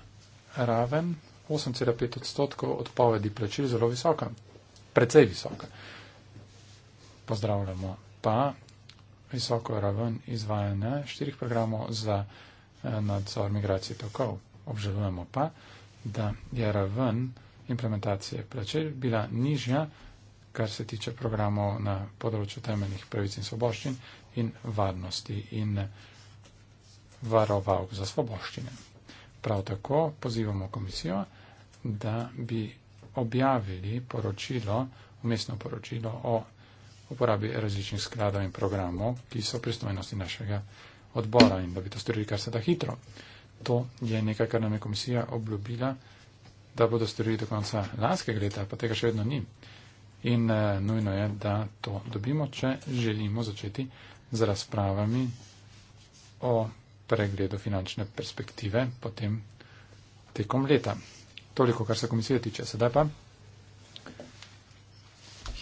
raven 8,5 odstotkov odpovedi plačil zelo visoka, precej visoka. Pozdravljamo pa visoko raven izvajanja štirih programov za eh, nadzor migracije tokov. Obžalujemo pa, da je raven implementacije plačil bila nižja, kar se tiče programov na področju temeljnih pravic in svoboščin in varnosti in eh, varovalk za svoboščine. Prav tako pozivamo komisijo, da bi objavili poročilo, umestno poročilo o uporabi različnih skladov in programov, ki so pristojnosti našega odbora in da bi to storili kar se da hitro. To je nekaj, kar nam je komisija obljubila, da bodo storili do konca lanskega leta, pa tega še vedno ni. In e, nujno je, da to dobimo, če želimo začeti z razpravami o pregledu finančne perspektive potem tekom leta. Toliko, kar se komisije tiče. Sedaj pa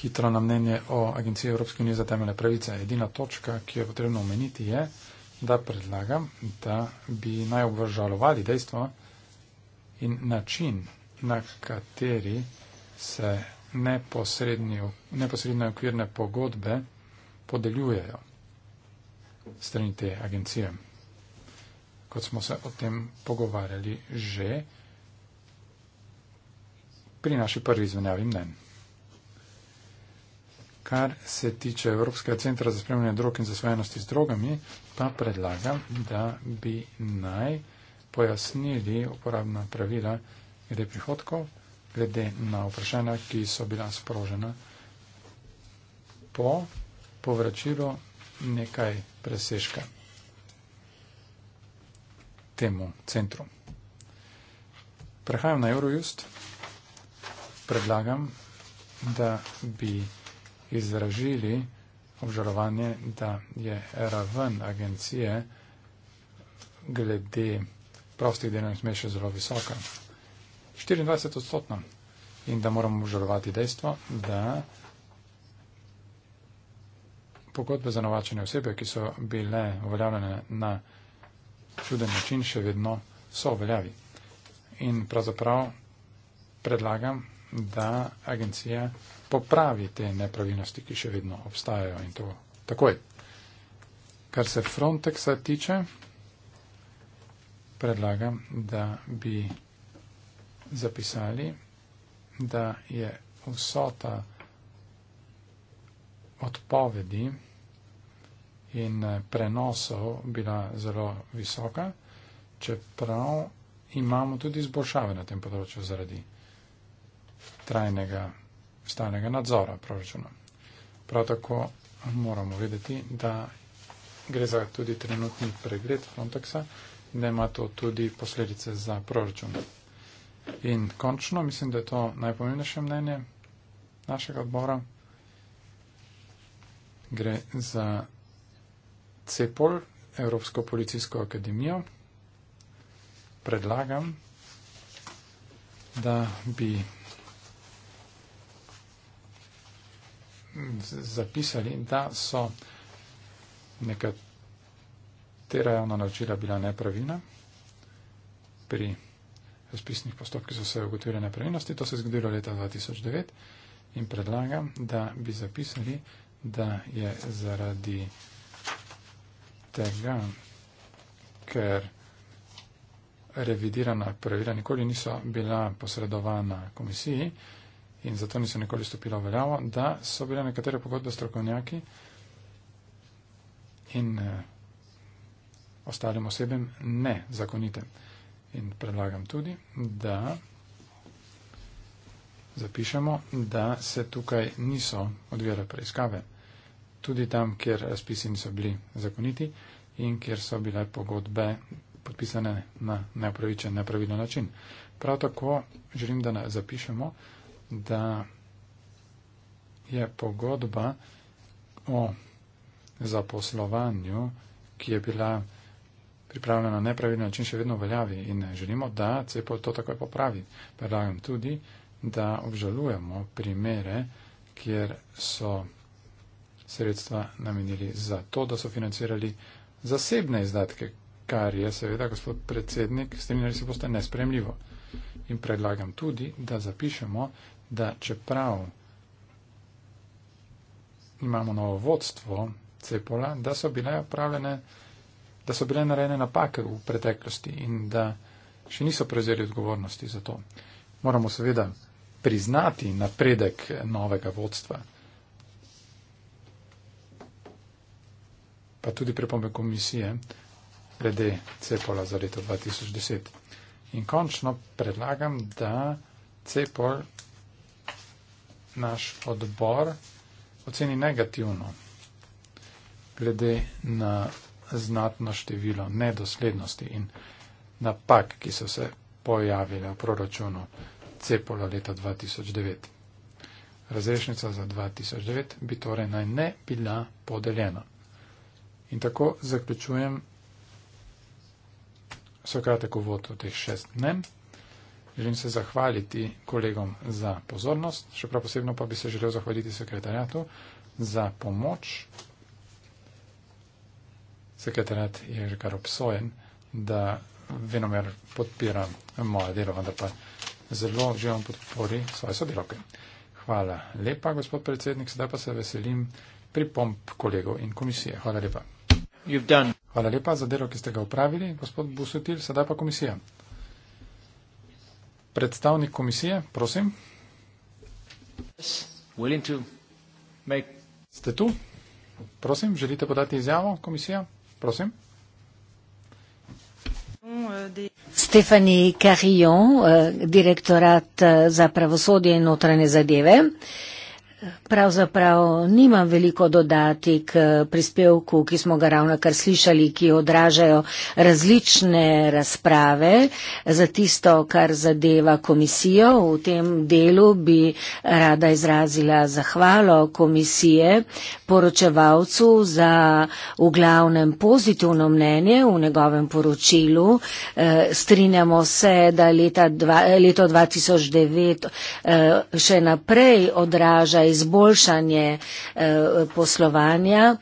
hitro na mnenje o Agenciji Evropske unije za temeljne pravice. Edina točka, ki jo je potrebno omeniti, je, da predlagam, da bi naj obvržalovali dejstvo in način, na kateri se neposredne okvirne pogodbe podeljujejo strani te agencije kot smo se o tem pogovarjali že pri naši prvi izmenjavi mnen. Kar se tiče Evropskega centra za spremljanje drog in zasvojenosti z drogami, pa predlagam, da bi naj pojasnili uporabna pravila glede prihodkov, glede na vprašanja, ki so bila sprožena po povračilu nekaj preseška temu centru. Prehajam na Eurojust. Predlagam, da bi izražili obžalovanje, da je raven agencije glede prostih delovnih mest še zelo visoka. 24 odstotna. In da moramo obžalovati dejstvo, da pogodbe za novačene osebe, ki so bile uveljavljene na čuden način še vedno so v veljavi. In pravzaprav predlagam, da agencija popravi te nepravilnosti, ki še vedno obstajajo in to takoj. Kar se Frontexa tiče, predlagam, da bi zapisali, da je vsota odpovedi in eh, prenosov bila zelo visoka, čeprav imamo tudi izboljšave na tem področju zaradi trajnega stalnega nadzora proračuna. Prav tako moramo vedeti, da gre za tudi trenutni pregled Frontexa in da ima to tudi posledice za proračun. In končno, mislim, da je to najpomembnejše mnenje našega odbora. Gre za CEPOL, Evropsko policijsko akademijo, predlagam, da bi zapisali, da so nekatera javna načela bila nepravilna pri razpisnih postopkih so se ugotovile nepravilnosti. To se je zgodilo leta 2009 in predlagam, da bi zapisali, da je zaradi tega, ker revidirana pravila nikoli niso bila posredovana komisiji in zato niso nikoli stopila v veljavo, da so bile nekatere pogodbe strokovnjaki in eh, ostalim osebem nezakonite. In predlagam tudi, da zapišemo, da se tukaj niso odvijale preiskave tudi tam, kjer razpisi niso bili zakoniti in kjer so bile pogodbe podpisane na neopravičen, nepravilen način. Prav tako želim, da zapišemo, da je pogodba o zaposlovanju, ki je bila pripravljena na nepravilen način, še vedno veljavi in želimo, da CEPOL to takoj popravi. Predlagam tudi, da obžalujemo primere, kjer so sredstva namenili za to, da so financirali zasebne izdatke, kar je seveda, gospod predsednik, strinjali se boste nespremljivo. In predlagam tudi, da zapišemo, da čeprav imamo novo vodstvo Cepola, da so bile opravljene, da so bile narejene napake v preteklosti in da še niso prevzeli odgovornosti za to. Moramo seveda priznati napredek novega vodstva. pa tudi pripombe komisije glede CEPOL-a za leto 2010. In končno predlagam, da CEPOL naš odbor oceni negativno glede na znatno število nedoslednosti in napak, ki so se pojavile v proračunu CEPOL-a leta 2009. Razrešnica za 2009 bi torej naj ne bila podeljena. In tako zaključujem Sokratek uvod v teh šest dnem. Želim se zahvaliti kolegom za pozornost, še prav posebno pa bi se želel zahvaliti sekretarjatu za pomoč. Sekretarjat je že kar obsojen, da venomer podpira moje delo, vendar pa zelo želim podpori svoje sodelavke. Hvala lepa, gospod predsednik, sedaj pa se veselim pripomp kolegov in komisije. Hvala lepa. Hvala lepa za delo, ki ste ga upravili, gospod Busutil. Sedaj pa komisija. Predstavnik komisije, prosim. Yes, make... Ste tu? Prosim, želite podati izjavo, komisija? Prosim. Stefani Carillon, eh, direktorat eh, za pravosodje in notranje zadeve. Pravzaprav nimam veliko dodati k prispevku, ki smo ga ravno kar slišali, ki odražajo različne razprave za tisto, kar zadeva komisijo. V tem delu bi rada izrazila zahvalo komisije poročevalcu za v glavnem pozitivno mnenje v njegovem poročilu. E, strinjamo se, da leta, leto 2009 e, še naprej odraža izboljšanje eh, poslovanja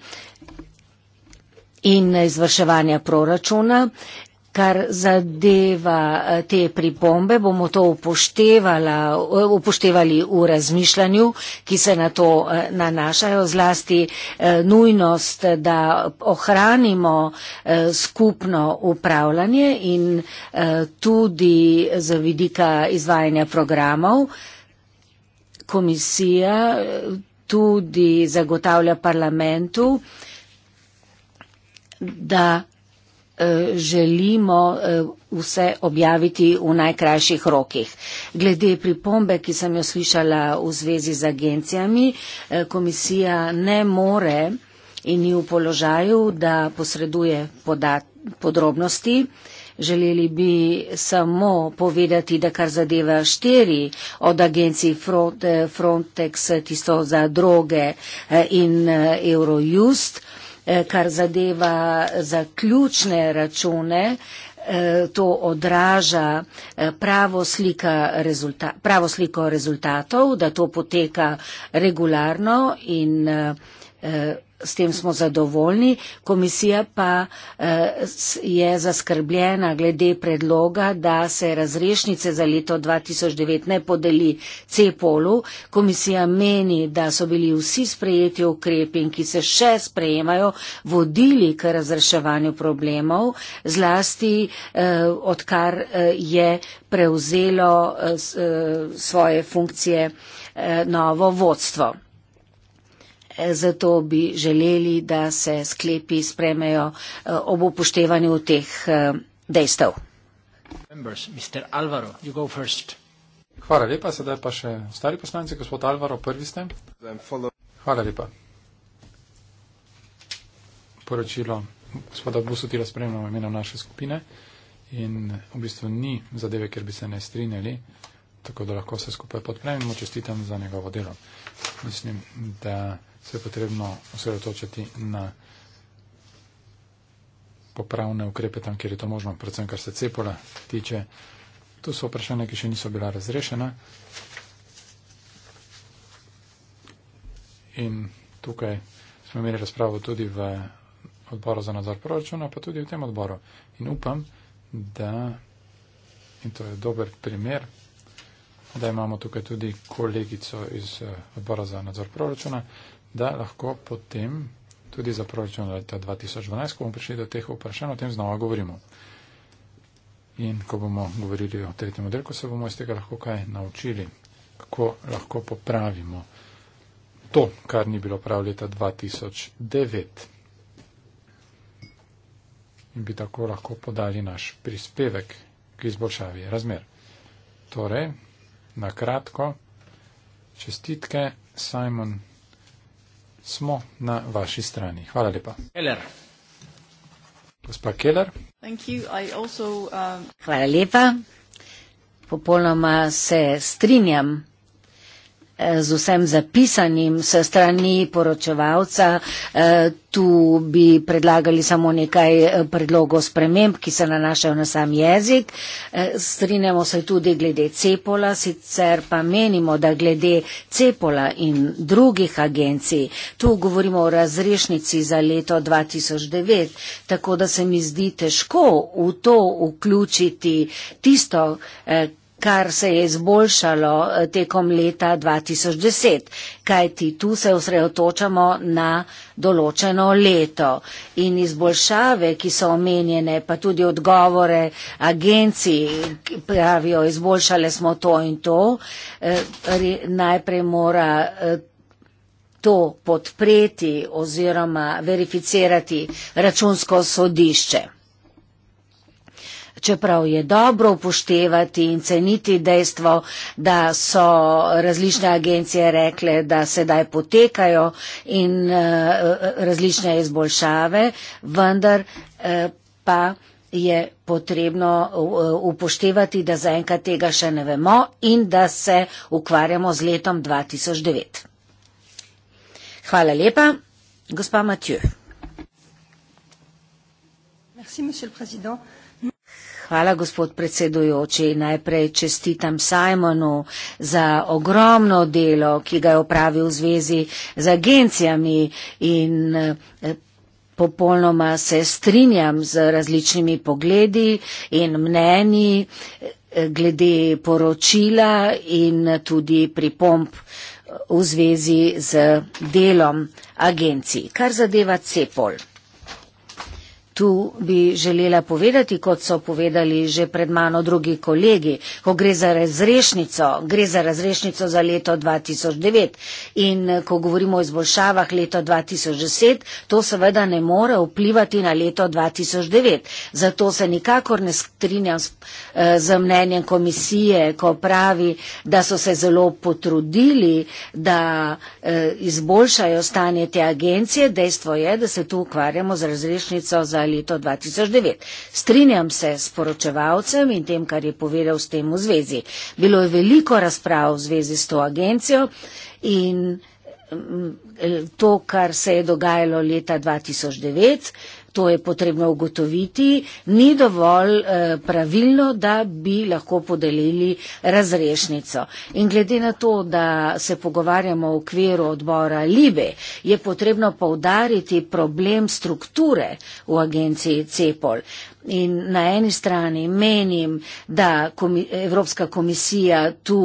in izvrševanja proračuna. Kar zadeva eh, te pripombe, bomo to eh, upoštevali v razmišljanju, ki se na to nanašajo, zlasti nujnost, da ohranimo skupno upravljanje in tudi z vidika izvajanja programov komisija tudi zagotavlja parlamentu, da eh, želimo eh, vse objaviti v najkrajših rokih. Glede pripombe, ki sem jo slišala v zvezi z agencijami, eh, komisija ne more in ni v položaju, da posreduje podat podrobnosti. Želeli bi samo povedati, da kar zadeva štiri od agencij Frontex, tisto za droge eh, in eh, Eurojust, eh, kar zadeva za ključne račune, to odraža pravo, slika, pravo sliko rezultatov, da to poteka regularno in s tem smo zadovoljni, komisija pa eh, je zaskrbljena glede predloga, da se razrešnice za leto 2019 podeli C-polu. E komisija meni, da so bili vsi sprejeti ukrepi, ki se še sprejemajo, vodili k razreševanju problemov, zlasti eh, odkar eh, je prevzelo eh, eh svoje funkcije eh, novo vodstvo zato bi želeli, da se sklepi spremejo eh, ob upoštevanju teh eh, dejstev. Alvaro, Hvala lepa, sedaj pa še stari poslanci, gospod Alvaro, prvi ste. Hvala lepa. Poročilo gospoda Busutila spremljamo imenom naše skupine in v bistvu ni zadeve, ker bi se ne strinjali tako da lahko vse skupaj podpremimo, čestitam za njegovo delo. Mislim, da se je potrebno osredotočiti na popravne ukrepe tam, kjer je to možno, predvsem kar se cepola tiče. Tu so vprašanja, ki še niso bila razrešena. In tukaj smo imeli razpravo tudi v odboru za nadzor proračuna, pa tudi v tem odboru. In upam, da, in to je dober primer, da imamo tukaj tudi kolegico iz eh, odbora za nadzor proračuna, da lahko potem tudi za proračun leta 2012, ko bomo prišli do teh vprašanj, o tem znova govorimo. In ko bomo govorili o tretjem modelu, se bomo iz tega lahko kaj naučili, kako lahko popravimo to, kar ni bilo prav leta 2009. In bi tako lahko podali naš prispevek k izboljšavi razmer. Torej, na kratko. Čestitke, Simon, smo na vaši strani. Hvala lepa. Keller. Gospa Keller. Also, um... Hvala lepa. Popolnoma se strinjam z vsem zapisanim se strani poročevalca. E, tu bi predlagali samo nekaj e, predlogov sprememb, ki se nanašajo na sam jezik. E, strinjamo se tudi glede Cepola, sicer pa menimo, da glede Cepola in drugih agencij, tu govorimo o razrešnici za leto 2009, tako da se mi zdi težko v to vključiti tisto, kar se je izboljšalo eh, tekom leta 2010, kajti tu se osredotočamo na določeno leto. In izboljšave, ki so omenjene, pa tudi odgovore agencij, ki pravijo, izboljšale smo to in to, eh, najprej mora eh, to podpreti oziroma verificirati računsko sodišče. Čeprav je dobro upoštevati in ceniti dejstvo, da so različne agencije rekle, da sedaj potekajo in eh, različne izboljšave, vendar eh, pa je potrebno eh, upoštevati, da zaenkrat tega še ne vemo in da se ukvarjamo z letom 2009. Hvala lepa, gospa Matjur. Merci, Hvala, gospod predsedujoči. Najprej čestitam Simonu za ogromno delo, ki ga je opravil v zvezi z agencijami in eh, popolnoma se strinjam z različnimi pogledi in mnenji eh, glede poročila in tudi pripomp eh, v zvezi z delom agencij. Kar zadeva Cepol. Tu bi želela povedati, kot so povedali že pred mano drugi kolegi, ko gre za razrešnico, gre za razrešnico za leto 2009 in ko govorimo o izboljšavah leto 2010, to seveda ne more vplivati na leto 2009. Zato se nikakor ne strinjam z, eh, z mnenjem komisije, ko pravi, da so se zelo potrudili, da eh, izboljšajo stanje te agencije. Dejstvo je, da se tu ukvarjamo z razrešnico za leto 2009. Strinjam se s poročevalcem in tem, kar je povedal s tem v zvezi. Bilo je veliko razprav v zvezi s to agencijo in mm, to, kar se je dogajalo leta 2009 to je potrebno ugotoviti, ni dovolj eh, pravilno, da bi lahko podelili razrešnico. In glede na to, da se pogovarjamo v okviru odbora Libe, je potrebno povdariti problem strukture v agenciji Cepol. In na eni strani menim, da komi Evropska komisija tu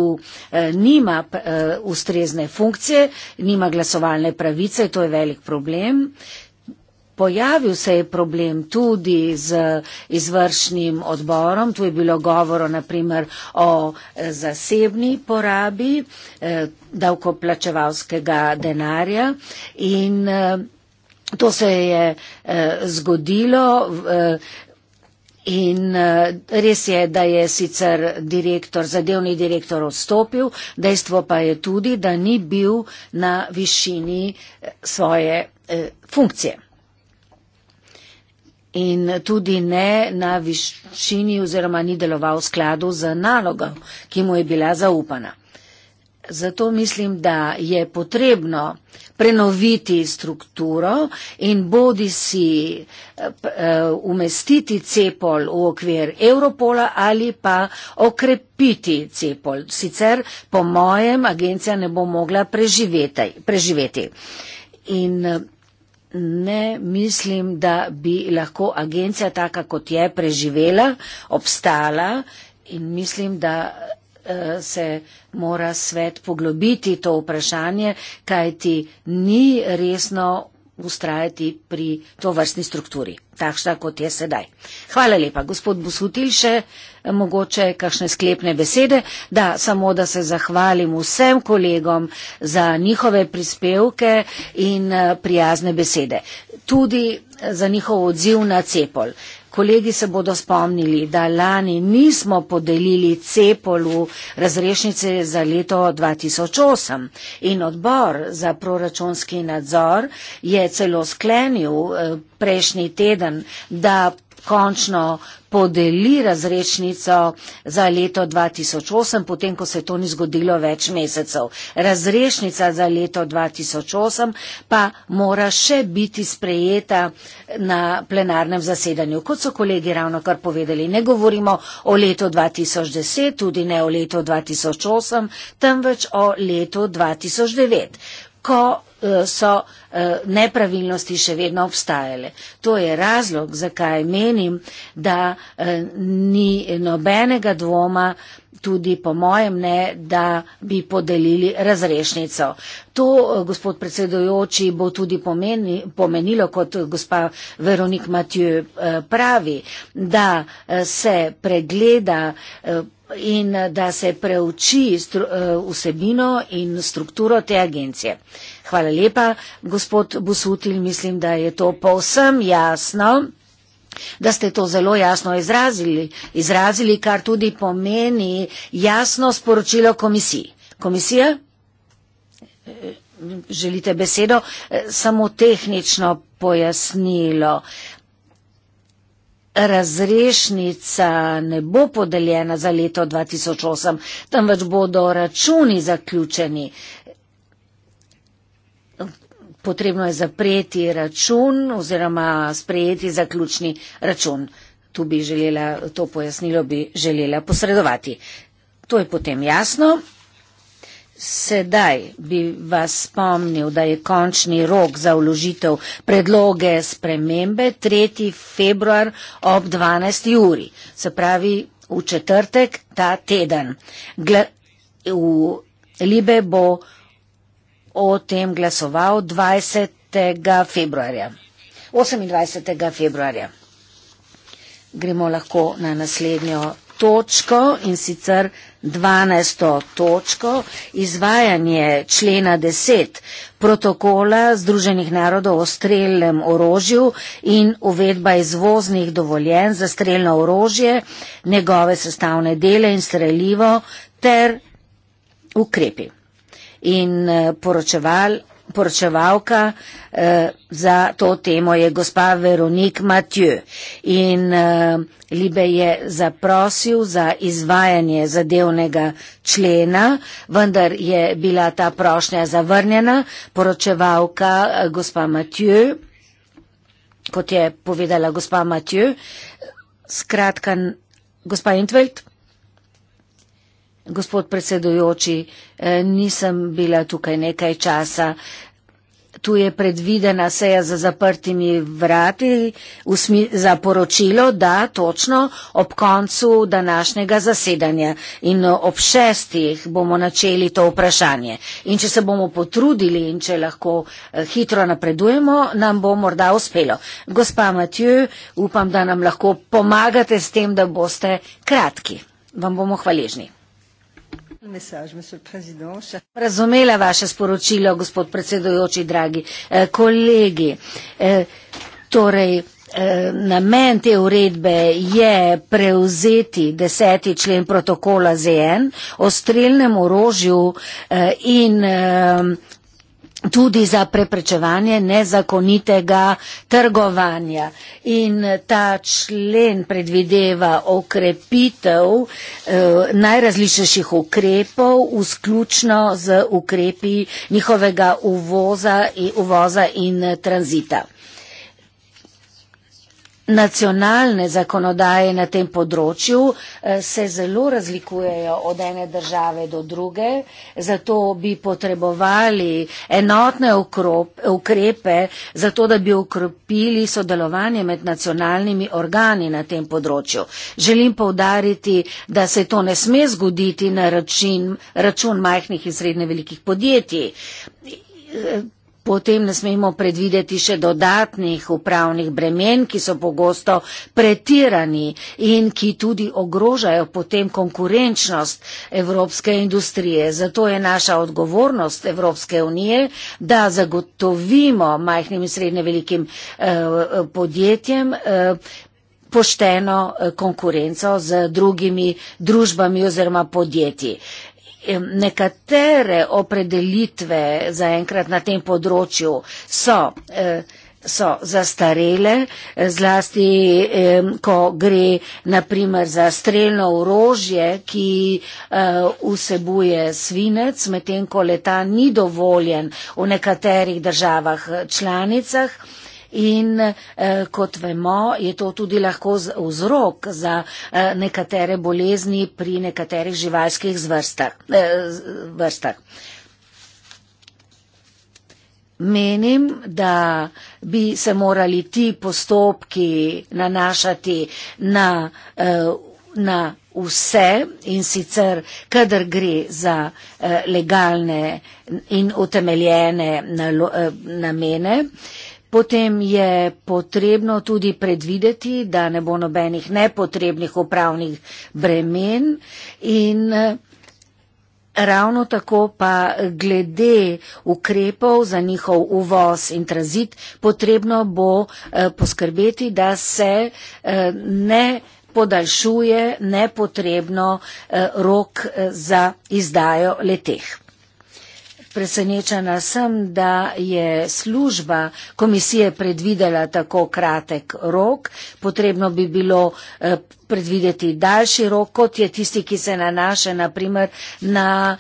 eh, nima eh, ustrezne funkcije, nima glasovalne pravice, to je velik problem. Eh, Pojavil se je problem tudi z izvršnim odborom, tu je bilo govoro naprimer o eh, zasebni porabi eh, davkoplačevalskega denarja in eh, to se je zgodilo. In res je, da je sicer direktor, zadevni direktor odstopil, dejstvo pa je tudi, da ni bil na višini svoje funkcije in tudi ne na višini oziroma ni deloval v skladu z nalogo, ki mu je bila zaupana. Zato mislim, da je potrebno prenoviti strukturo in bodi si eh, eh, umestiti cepol v okvir Europola ali pa okrepiti cepol. Sicer po mojem agencija ne bo mogla preživeti. In eh, ne mislim, da bi lahko agencija taka, kot je, preživela, obstala in mislim, da eh, se mora svet poglobiti to vprašanje, kajti ni resno ustrajati pri to vrstni strukturi, takšna kot je sedaj. Hvala lepa, gospod Busutil, še eh, mogoče kakšne sklepne besede, da samo da se zahvalim vsem kolegom za njihove prispevke in eh, prijazne besede, tudi eh, za njihov odziv na cepol. Uh, Kolegi se bodo spomnili, da lani nismo podelili cepolu razrešnice za leto 2008 in odbor za proračunski nadzor je celo sklenil eh, prejšnji teden, da končno podeli razrešnico za leto 2008, potem ko se to ni zgodilo več mesecev. Razrešnica za leto 2008 pa mora še biti sprejeta na plenarnem zasedanju. Kot so kolegi ravno kar povedali, ne govorimo o letu 2010, tudi ne o letu 2008, temveč o letu 2009. Ko Eh, so eh, nepravilnosti še vedno obstajale. To je razlog, zakaj menim, da eh, ni nobenega dvoma, tudi po mojem ne, da bi podelili razrešnico. To, gospod predsedojoči, bo tudi pomeni, pomenilo, kot gospa Veronik Matjo pravi, da se pregleda in eh, da se preuči stru, eh, vsebino in strukturo te agencije. Hvala lepa, gospod Busutil, mislim, da je to povsem jasno, da ste to zelo jasno izrazili, izrazili kar tudi pomeni jasno sporočilo komisiji. Komisija, eh, želite besedo, samo tehnično pojasnilo. Uh, Razrešnica ne bo podeljena za leto 2008, temveč bodo računi zaključeni. Potrebno je zapreti račun oziroma sprejeti zaključni račun. Tu bi želela, to pojasnilo bi želela posredovati. To je potem jasno. Sedaj bi vas spomnil, da je končni rok za vložitev predloge spremembe 3. februar ob 12. uri, se pravi v četrtek ta teden. Gla v Libe bo o tem glasoval 20. februarja. 28. februarja. Gremo lahko na naslednjo točko in sicer 12. točko izvajanje člena 10 protokola Združenih narodov o streljnem orožju in uvedba izvoznih dovoljen za streljno orožje, njegove sestavne dele in streljivo ter ukrepi. In eh, poročeval poročevalka eh, za to temo je gospa Veronik Matjö in eh, Libe je zaprosil za izvajanje zadevnega člena, vendar je bila ta prošnja zavrnjena. Poročevalka eh, gospa Matjö, kot je povedala gospa Matjö, skratka, gospa Intveld. Gospod predsedujoči, eh, nisem bila tukaj nekaj časa. Tu je predvidena seja za zaprtimi vrati za poročilo, da točno ob koncu današnjega zasedanja in eh, ob šestih bomo načeli to vprašanje. In če se bomo potrudili in če lahko eh, hitro napredujemo, nam bo morda uspelo. Gospa Matju, upam, da nam lahko pomagate s tem, da boste kratki. Vam bomo hvaležni. Razumela vaše sporočilo, gospod predsedujoči, dragi eh, kolegi. Eh, torej, eh, Namen te uredbe je prevzeti deseti člen protokola ZN o strelnem orožju eh, in eh, tudi za preprečevanje nezakonitega trgovanja. In ta člen predvideva okrepitev eh, najrazličnejših ukrepov, vzključno z ukrepi njihovega uvoza in, uvoza in tranzita nacionalne zakonodaje na tem področju eh, se zelo razlikujejo od ene države do druge, zato bi potrebovali enotne ukrepe, zato da bi ukropili sodelovanje med nacionalnimi organi na tem področju. Želim povdariti, da se to ne sme zgoditi na račun, račun majhnih in srednje velikih podjetij. Potem ne smemo predvideti še dodatnih upravnih bremen, ki so pogosto pretirani in ki tudi ogrožajo potem konkurenčnost evropske industrije. Zato je naša odgovornost Evropske unije, da zagotovimo majhnim in srednje velikim eh, eh podjetjem. Eh, pošteno eh, konkurenco z drugimi družbami oziroma podjetji nekatere opredelitve zaenkrat na tem področju so. Eh, so zastarele, eh, zlasti eh, ko gre naprimer za streljno orožje, ki eh, vsebuje svinec, medtem ko leta ni dovoljen v nekaterih državah eh, članicah. Eh, in eh, kot vemo, je to tudi lahko vzrok za eh, nekatere bolezni pri nekaterih živalskih zvrstah, eh, vrstah. Menim, da bi se morali ti postopki nanašati na, eh, na vse in sicer, kadar gre za eh, legalne in utemeljene eh, namene. Na Potem je potrebno tudi predvideti, da ne bo nobenih nepotrebnih upravnih bremen in eh, ravno tako pa glede ukrepov za njihov uvoz in tranzit potrebno bo eh, poskrbeti, da se eh, ne podaljšuje nepotrebno rok za izdajo leteh presenečena sem, da je služba komisije predvidela tako kratek rok. Potrebno bi bilo eh, predvideti daljši rok, kot je tisti, ki se nanaša naprimer na,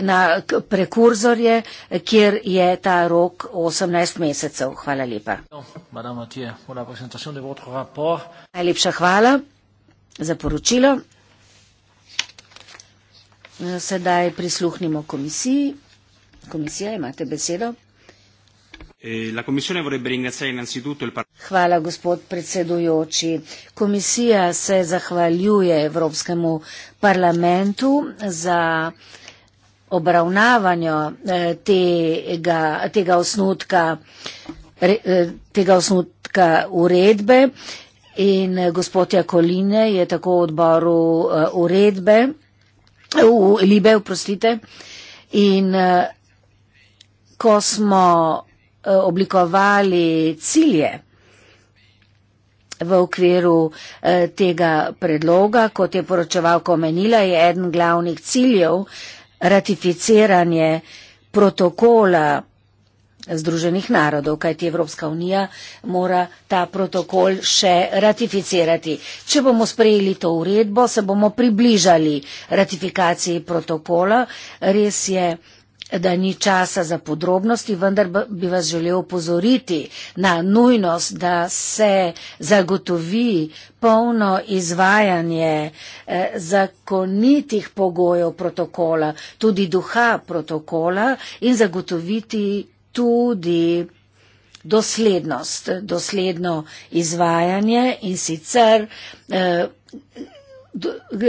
na eh, prekurzorje, kjer je ta rok 18 mesecev. Hvala lepa. Najlepša hvala za poročilo. Sedaj prisluhnimo komisiji. Komisija, imate besedo. Eh, Hvala, gospod predsedujoči. Komisija se zahvaljuje Evropskemu parlamentu za obravnavanje eh, tega, tega, osnutka, eh, tega osnutka uredbe in gospod Jakoline je tako v odboru uredbe v Libe, oprostite. In eh, ko smo eh, oblikovali cilje v okviru eh, tega predloga, kot je poročevalka omenila, je eden glavnih ciljev ratificiranje protokola Združenih narodov, kajti Evropska unija mora ta protokol še ratificirati. Če bomo sprejeli to uredbo, se bomo približali ratifikaciji protokola. Res je, da ni časa za podrobnosti, vendar bi vas želel upozoriti na nujnost, da se zagotovi polno izvajanje eh, zakonitih pogojev protokola, tudi duha protokola in zagotoviti tudi doslednost, dosledno izvajanje in sicer eh,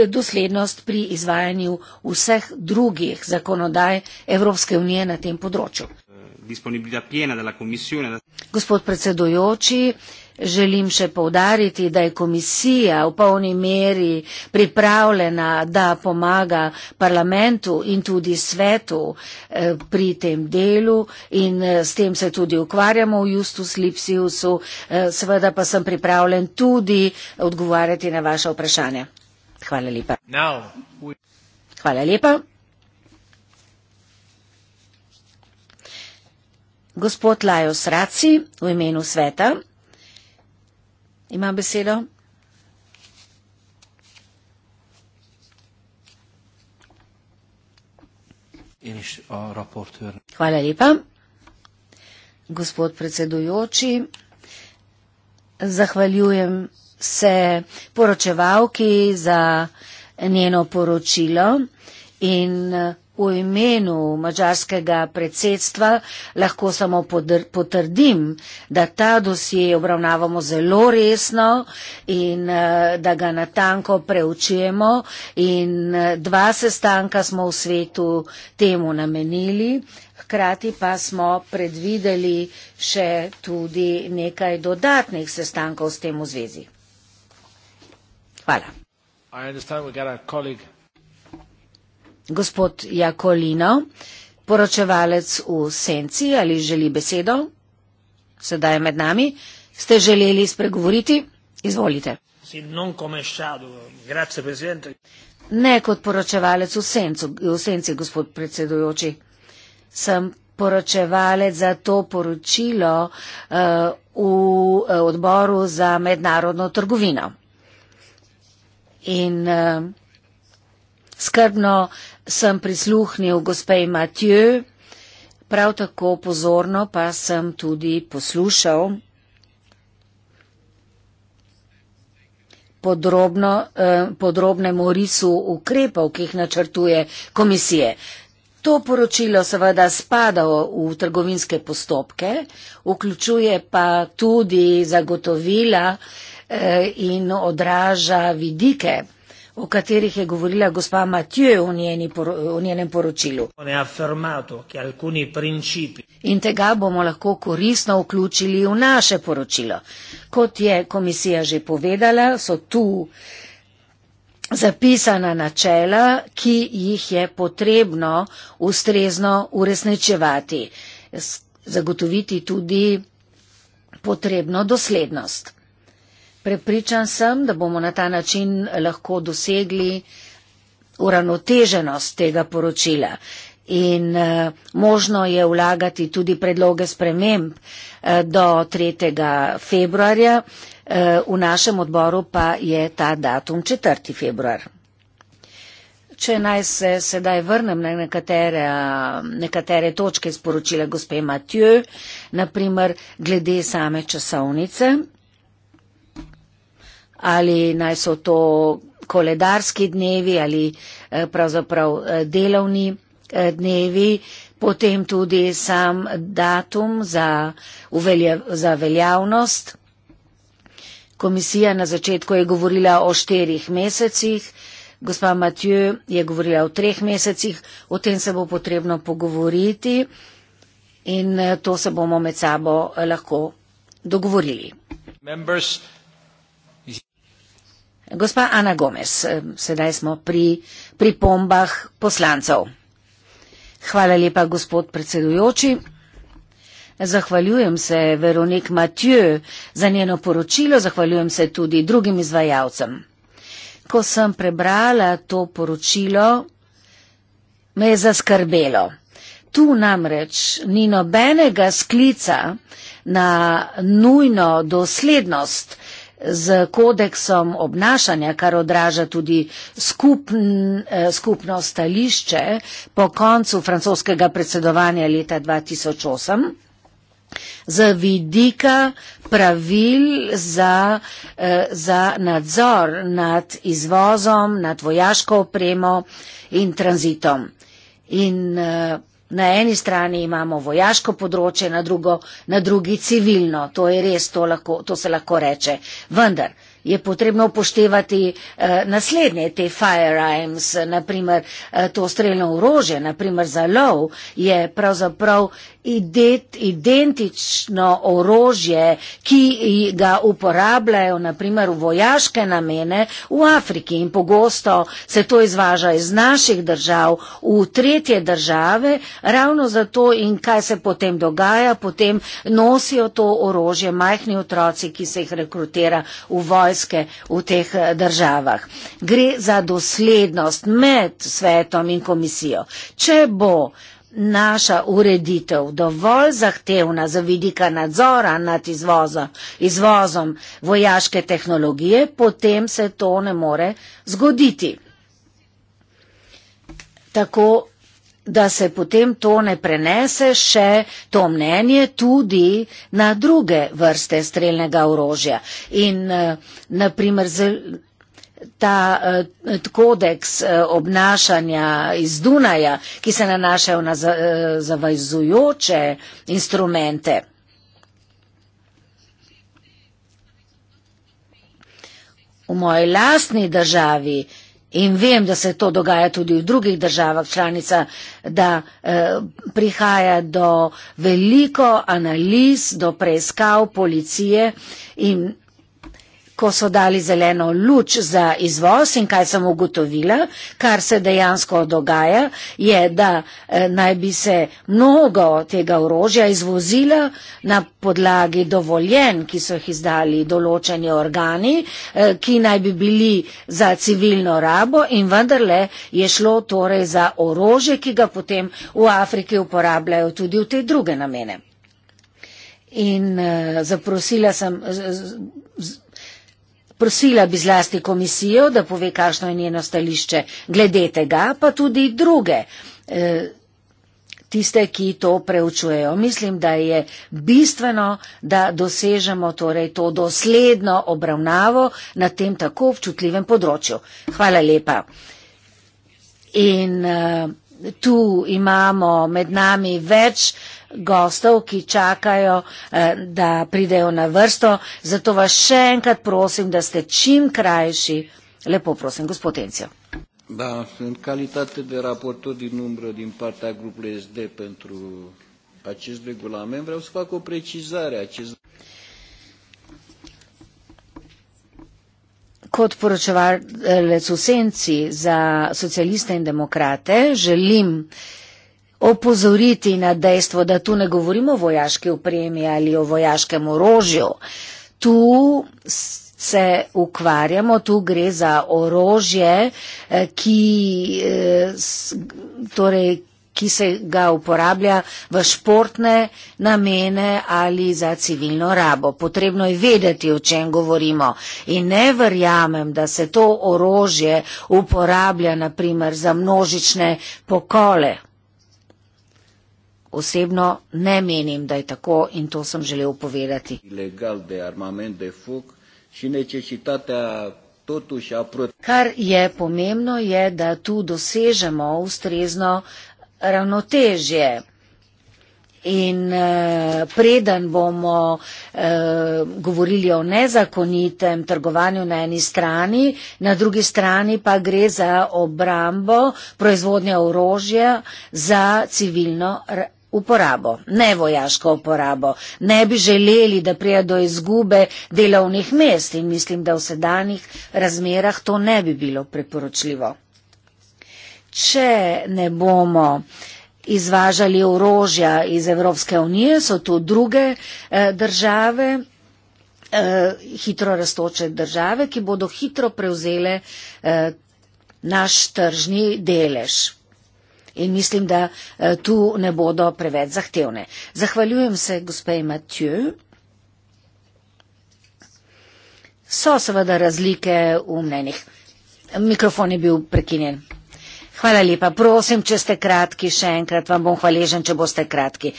doslednost pri izvajanju vseh drugih zakonodaj Evropske unije na tem področju. Eh, Gospod predsedujoči, eh, Želim še povdariti, da je komisija v polni meri pripravljena, da pomaga parlamentu in tudi svetu eh, pri tem delu in eh, s tem se tudi ukvarjamo v Justus Lipsiusu. Eh, seveda pa sem pripravljen tudi odgovarjati na vaše vprašanje. Hvala lepa. Hvala lepa. Gospod Lajos Raci, v imenu sveta. Ima besedo. Hvala lepa. Gospod predsedujoči, zahvaljujem se poročevalki za njeno poročilo in V imenu mačarskega predsedstva lahko samo potrdim, da ta dosje obravnavamo zelo resno in eh, da ga natanko preučujemo in eh, dva sestanka smo v svetu temu namenili. Hkrati pa smo predvideli še tudi nekaj dodatnih sestankov s tem v zvezi. Hvala. Gospod Jakolino, poročevalec v senci, ali želi besedo? Sedaj je med nami. Ste želeli spregovoriti? Izvolite. Ne kot poročevalec v, sencu, v senci, gospod predsedujoči. Sem poročevalec za to poročilo uh, v eh, odboru za mednarodno trgovino. In uh, Skrbno sem prisluhnil gospej Matjo, prav tako pozorno pa sem tudi poslušal podrobno, eh, podrobnemu risu ukrepov, ki jih načrtuje komisije. To poročilo seveda spada v trgovinske postopke, vključuje pa tudi zagotovila eh, in odraža vidike o katerih je govorila gospa Matjue v, v njenem poročilu. In tega bomo lahko korisno vključili v naše poročilo. Kot je komisija že povedala, so tu zapisana načela, ki jih je potrebno ustrezno uresničevati, zagotoviti tudi potrebno doslednost. Prepričan sem, da bomo na ta način lahko dosegli uravnoteženost tega poročila. In uh, možno je vlagati tudi predloge sprememb uh, do 3. februarja, uh, v našem odboru pa je ta datum 4. februar. Če naj se sedaj vrnem na nekatere, nekatere točke sporočila gospe Matjo, naprimer glede same časovnice ali naj so to koledarski dnevi ali eh, pravzaprav eh, delovni eh, dnevi, potem tudi sam datum za, uveljav, za veljavnost. Komisija na začetku je govorila o štirih mesecih, gospa Matjo je govorila o treh mesecih, o tem se bo potrebno pogovoriti in to se bomo med sabo lahko dogovorili. Members, Gospa Ana Gomez, eh, sedaj smo pri pripombah poslancev. Hvala lepa, gospod predsedujoči. Zahvaljujem se Veronik Matjö za njeno poročilo, zahvaljujem se tudi drugim izvajalcem. Ko sem prebrala to poročilo, me je zaskrbelo. Tu namreč ni nobenega sklica na nujno doslednost, z kodeksom obnašanja, kar odraža tudi skupn, eh, skupno stališče po koncu francoskega predsedovanja leta 2008. Z vidika pravil za, eh, za nadzor nad izvozom, nad vojaško opremo in tranzitom. In eh, Na eni strani imamo vojaško področje, na, drugo, na drugi civilno, to je res, to, lahko, to se lahko reče. Vendar, je potrebno upoštevati eh, naslednje te firearms, naprimer eh, to strelno orože, naprimer za lov, je pravzaprav ident, identično orožje, ki ga uporabljajo naprimer v vojaške namene v Afriki in pogosto se to izvaža iz naših držav v tretje države, ravno zato in kaj se potem dogaja, potem nosijo to orožje majhni otroci, ki se jih rekrutira v vojsko vojske v teh eh, državah. Gre za doslednost med svetom in komisijo. Če bo naša ureditev dovolj zahtevna za vidika nadzora nad izvozom, izvozom vojaške tehnologije, potem se to ne more zgoditi. Tako da se potem to ne prenese še to mnenje tudi na druge vrste strelnega orožja. In eh, naprimer ta eh, kodeks eh, obnašanja iz Dunaja, ki se nanašajo na zavajzujoče instrumente. V moji lastni državi In vem, da se to dogaja tudi v drugih državah članica, da eh, prihaja do veliko analiz, do preiskav policije in ko so dali zeleno luč za izvoz in kaj sem ugotovila, kar se dejansko dogaja, je, da eh, naj bi se mnogo tega orožja izvozila na podlagi dovoljen, ki so jih izdali določeni organi, eh, ki naj bi bili za civilno rabo in vendarle je šlo torej za orožje, ki ga potem v Afriki uporabljajo tudi v te druge namene. In uh, zaprosila sem. Z, z, Prosila bi zlasti komisijo, da pove, kakšno je njeno stališče glede tega, pa tudi druge, eh, tiste, ki to preučujejo. Mislim, da je bistveno, da dosežemo torej to dosledno obravnavo na tem tako občutljivem področju. Hvala lepa. In eh, tu imamo med nami več gostov, ki čakajo, eh, da pridejo na vrsto. Zato vas še enkrat prosim, da ste čim krajši. Lepo prosim, gospod Encijo. Da, în calitate de raportor din umbră din partea grupului SD pentru acest regulament, vreau să fac o precizare. Acest... Kot poročevalec usenci za socialiste in demokrate želim uh, opozoriti na dejstvo, da tu ne govorimo o vojaški opremi ali o vojaškem orožju. Tu se ukvarjamo, tu gre za orožje, eh, ki, eh, torej, ki se ga uporablja v športne namene ali za civilno rabo. Potrebno je vedeti, o čem govorimo. In ne verjamem, da se to orožje uporablja naprimer za množične pokole osebno ne menim, da je tako in to sem želel povedati. Kar je pomembno, je, da tu dosežemo ustrezno ravnotežje. In eh, preden bomo eh, govorili o nezakonitem trgovanju na eni strani, na drugi strani pa gre za obrambo proizvodnje orožja za civilno uporabo, ne vojaško uporabo. Ne bi želeli, da prija do izgube delovnih mest in mislim, da v sedanjih razmerah to ne bi bilo preporočljivo. Če ne bomo izvažali orožja iz Evropske unije, so tu druge eh, države, eh, hitro raztoče države, ki bodo hitro prevzele eh, naš tržni delež in mislim, da eh, tu ne bodo preveč zahtevne. Zahvaljujem se gospej Matju. So seveda razlike v mnenjih. Mikrofon je bil prekinjen. Hvala lepa. Prosim, če ste kratki, še enkrat vam bom hvaležen, če boste kratki.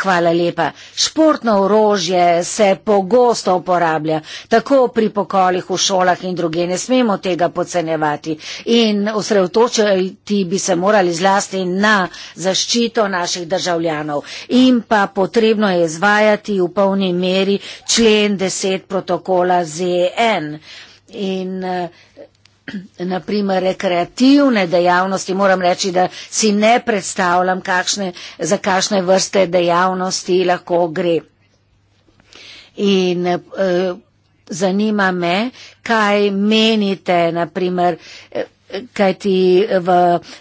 Hvala lepa. Športno orožje se pogosto uporablja, tako pri pokolih v šolah in druge. Ne smemo tega podcenjevati. In osredotočiti bi se morali zlasti na zaščito naših državljanov. In pa potrebno je izvajati v polni meri člen 10 protokola ZN. In, uh, naprimer rekreativne dejavnosti, moram reči, da si ne predstavljam, kakšne, za kakšne vrste dejavnosti lahko gre. In eh, zanima me, kaj menite, naprimer, eh, kaj ti v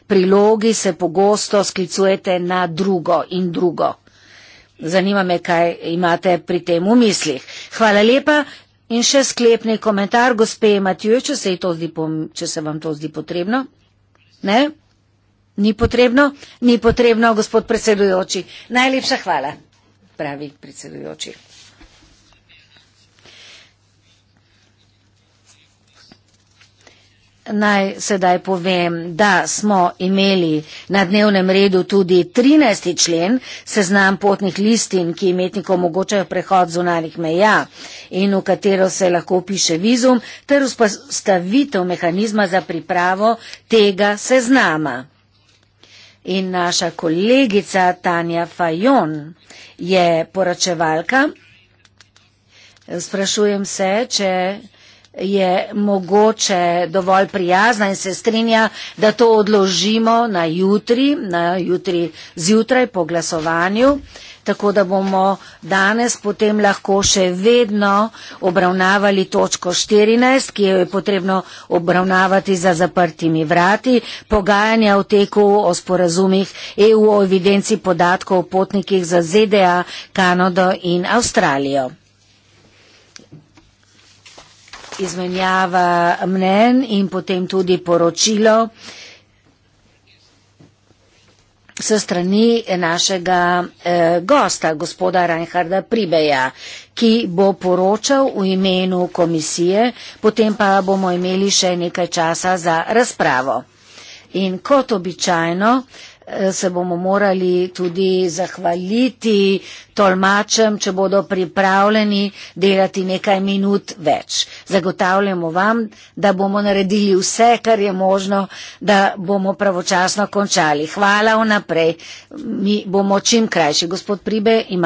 prilogi se pogosto sklicujete na drugo in drugo. Zanima me, kaj imate pri tem v mislih. Hvala lepa, In še sklepni komentar, gospe Matjo, če, če se vam to zdi potrebno. Ne? Ni potrebno? Ni potrebno, gospod predsedujoči. Najlepša hvala, pravi predsedujoči. Naj sedaj povem, da smo imeli na dnevnem redu tudi 13. člen seznam potnih listin, ki imetnikom omogočajo prehod zunanih meja in v katero se lahko piše vizum, ter vzpostavitev mehanizma za pripravo tega seznama. In naša kolegica Tanja Fajon je poročevalka. Sprašujem se, če je mogoče dovolj prijazna in se strinja, da to odložimo na jutri, na jutri zjutraj po glasovanju, tako da bomo danes potem lahko še vedno obravnavali točko 14, ki jo je potrebno obravnavati za zaprtimi vrati, pogajanja v teku o sporazumih EU o evidenci podatkov o potnikih za ZDA, Kanado in Avstralijo izmenjava mnen in potem tudi poročilo s strani našega eh, gosta, gospoda Reinharda Pribeja, ki bo poročal v imenu komisije, potem pa bomo imeli še nekaj časa za razpravo. In kot običajno, eh, Eh, se bomo morali tudi zahvaliti tolmačem, če bodo pripravljeni delati nekaj minut več. Zagotavljamo vam, da bomo naredili vse, kar je možno, da bomo pravočasno končali. Hvala vnaprej. Mi bomo čim krajši. Gospod Pribe ima.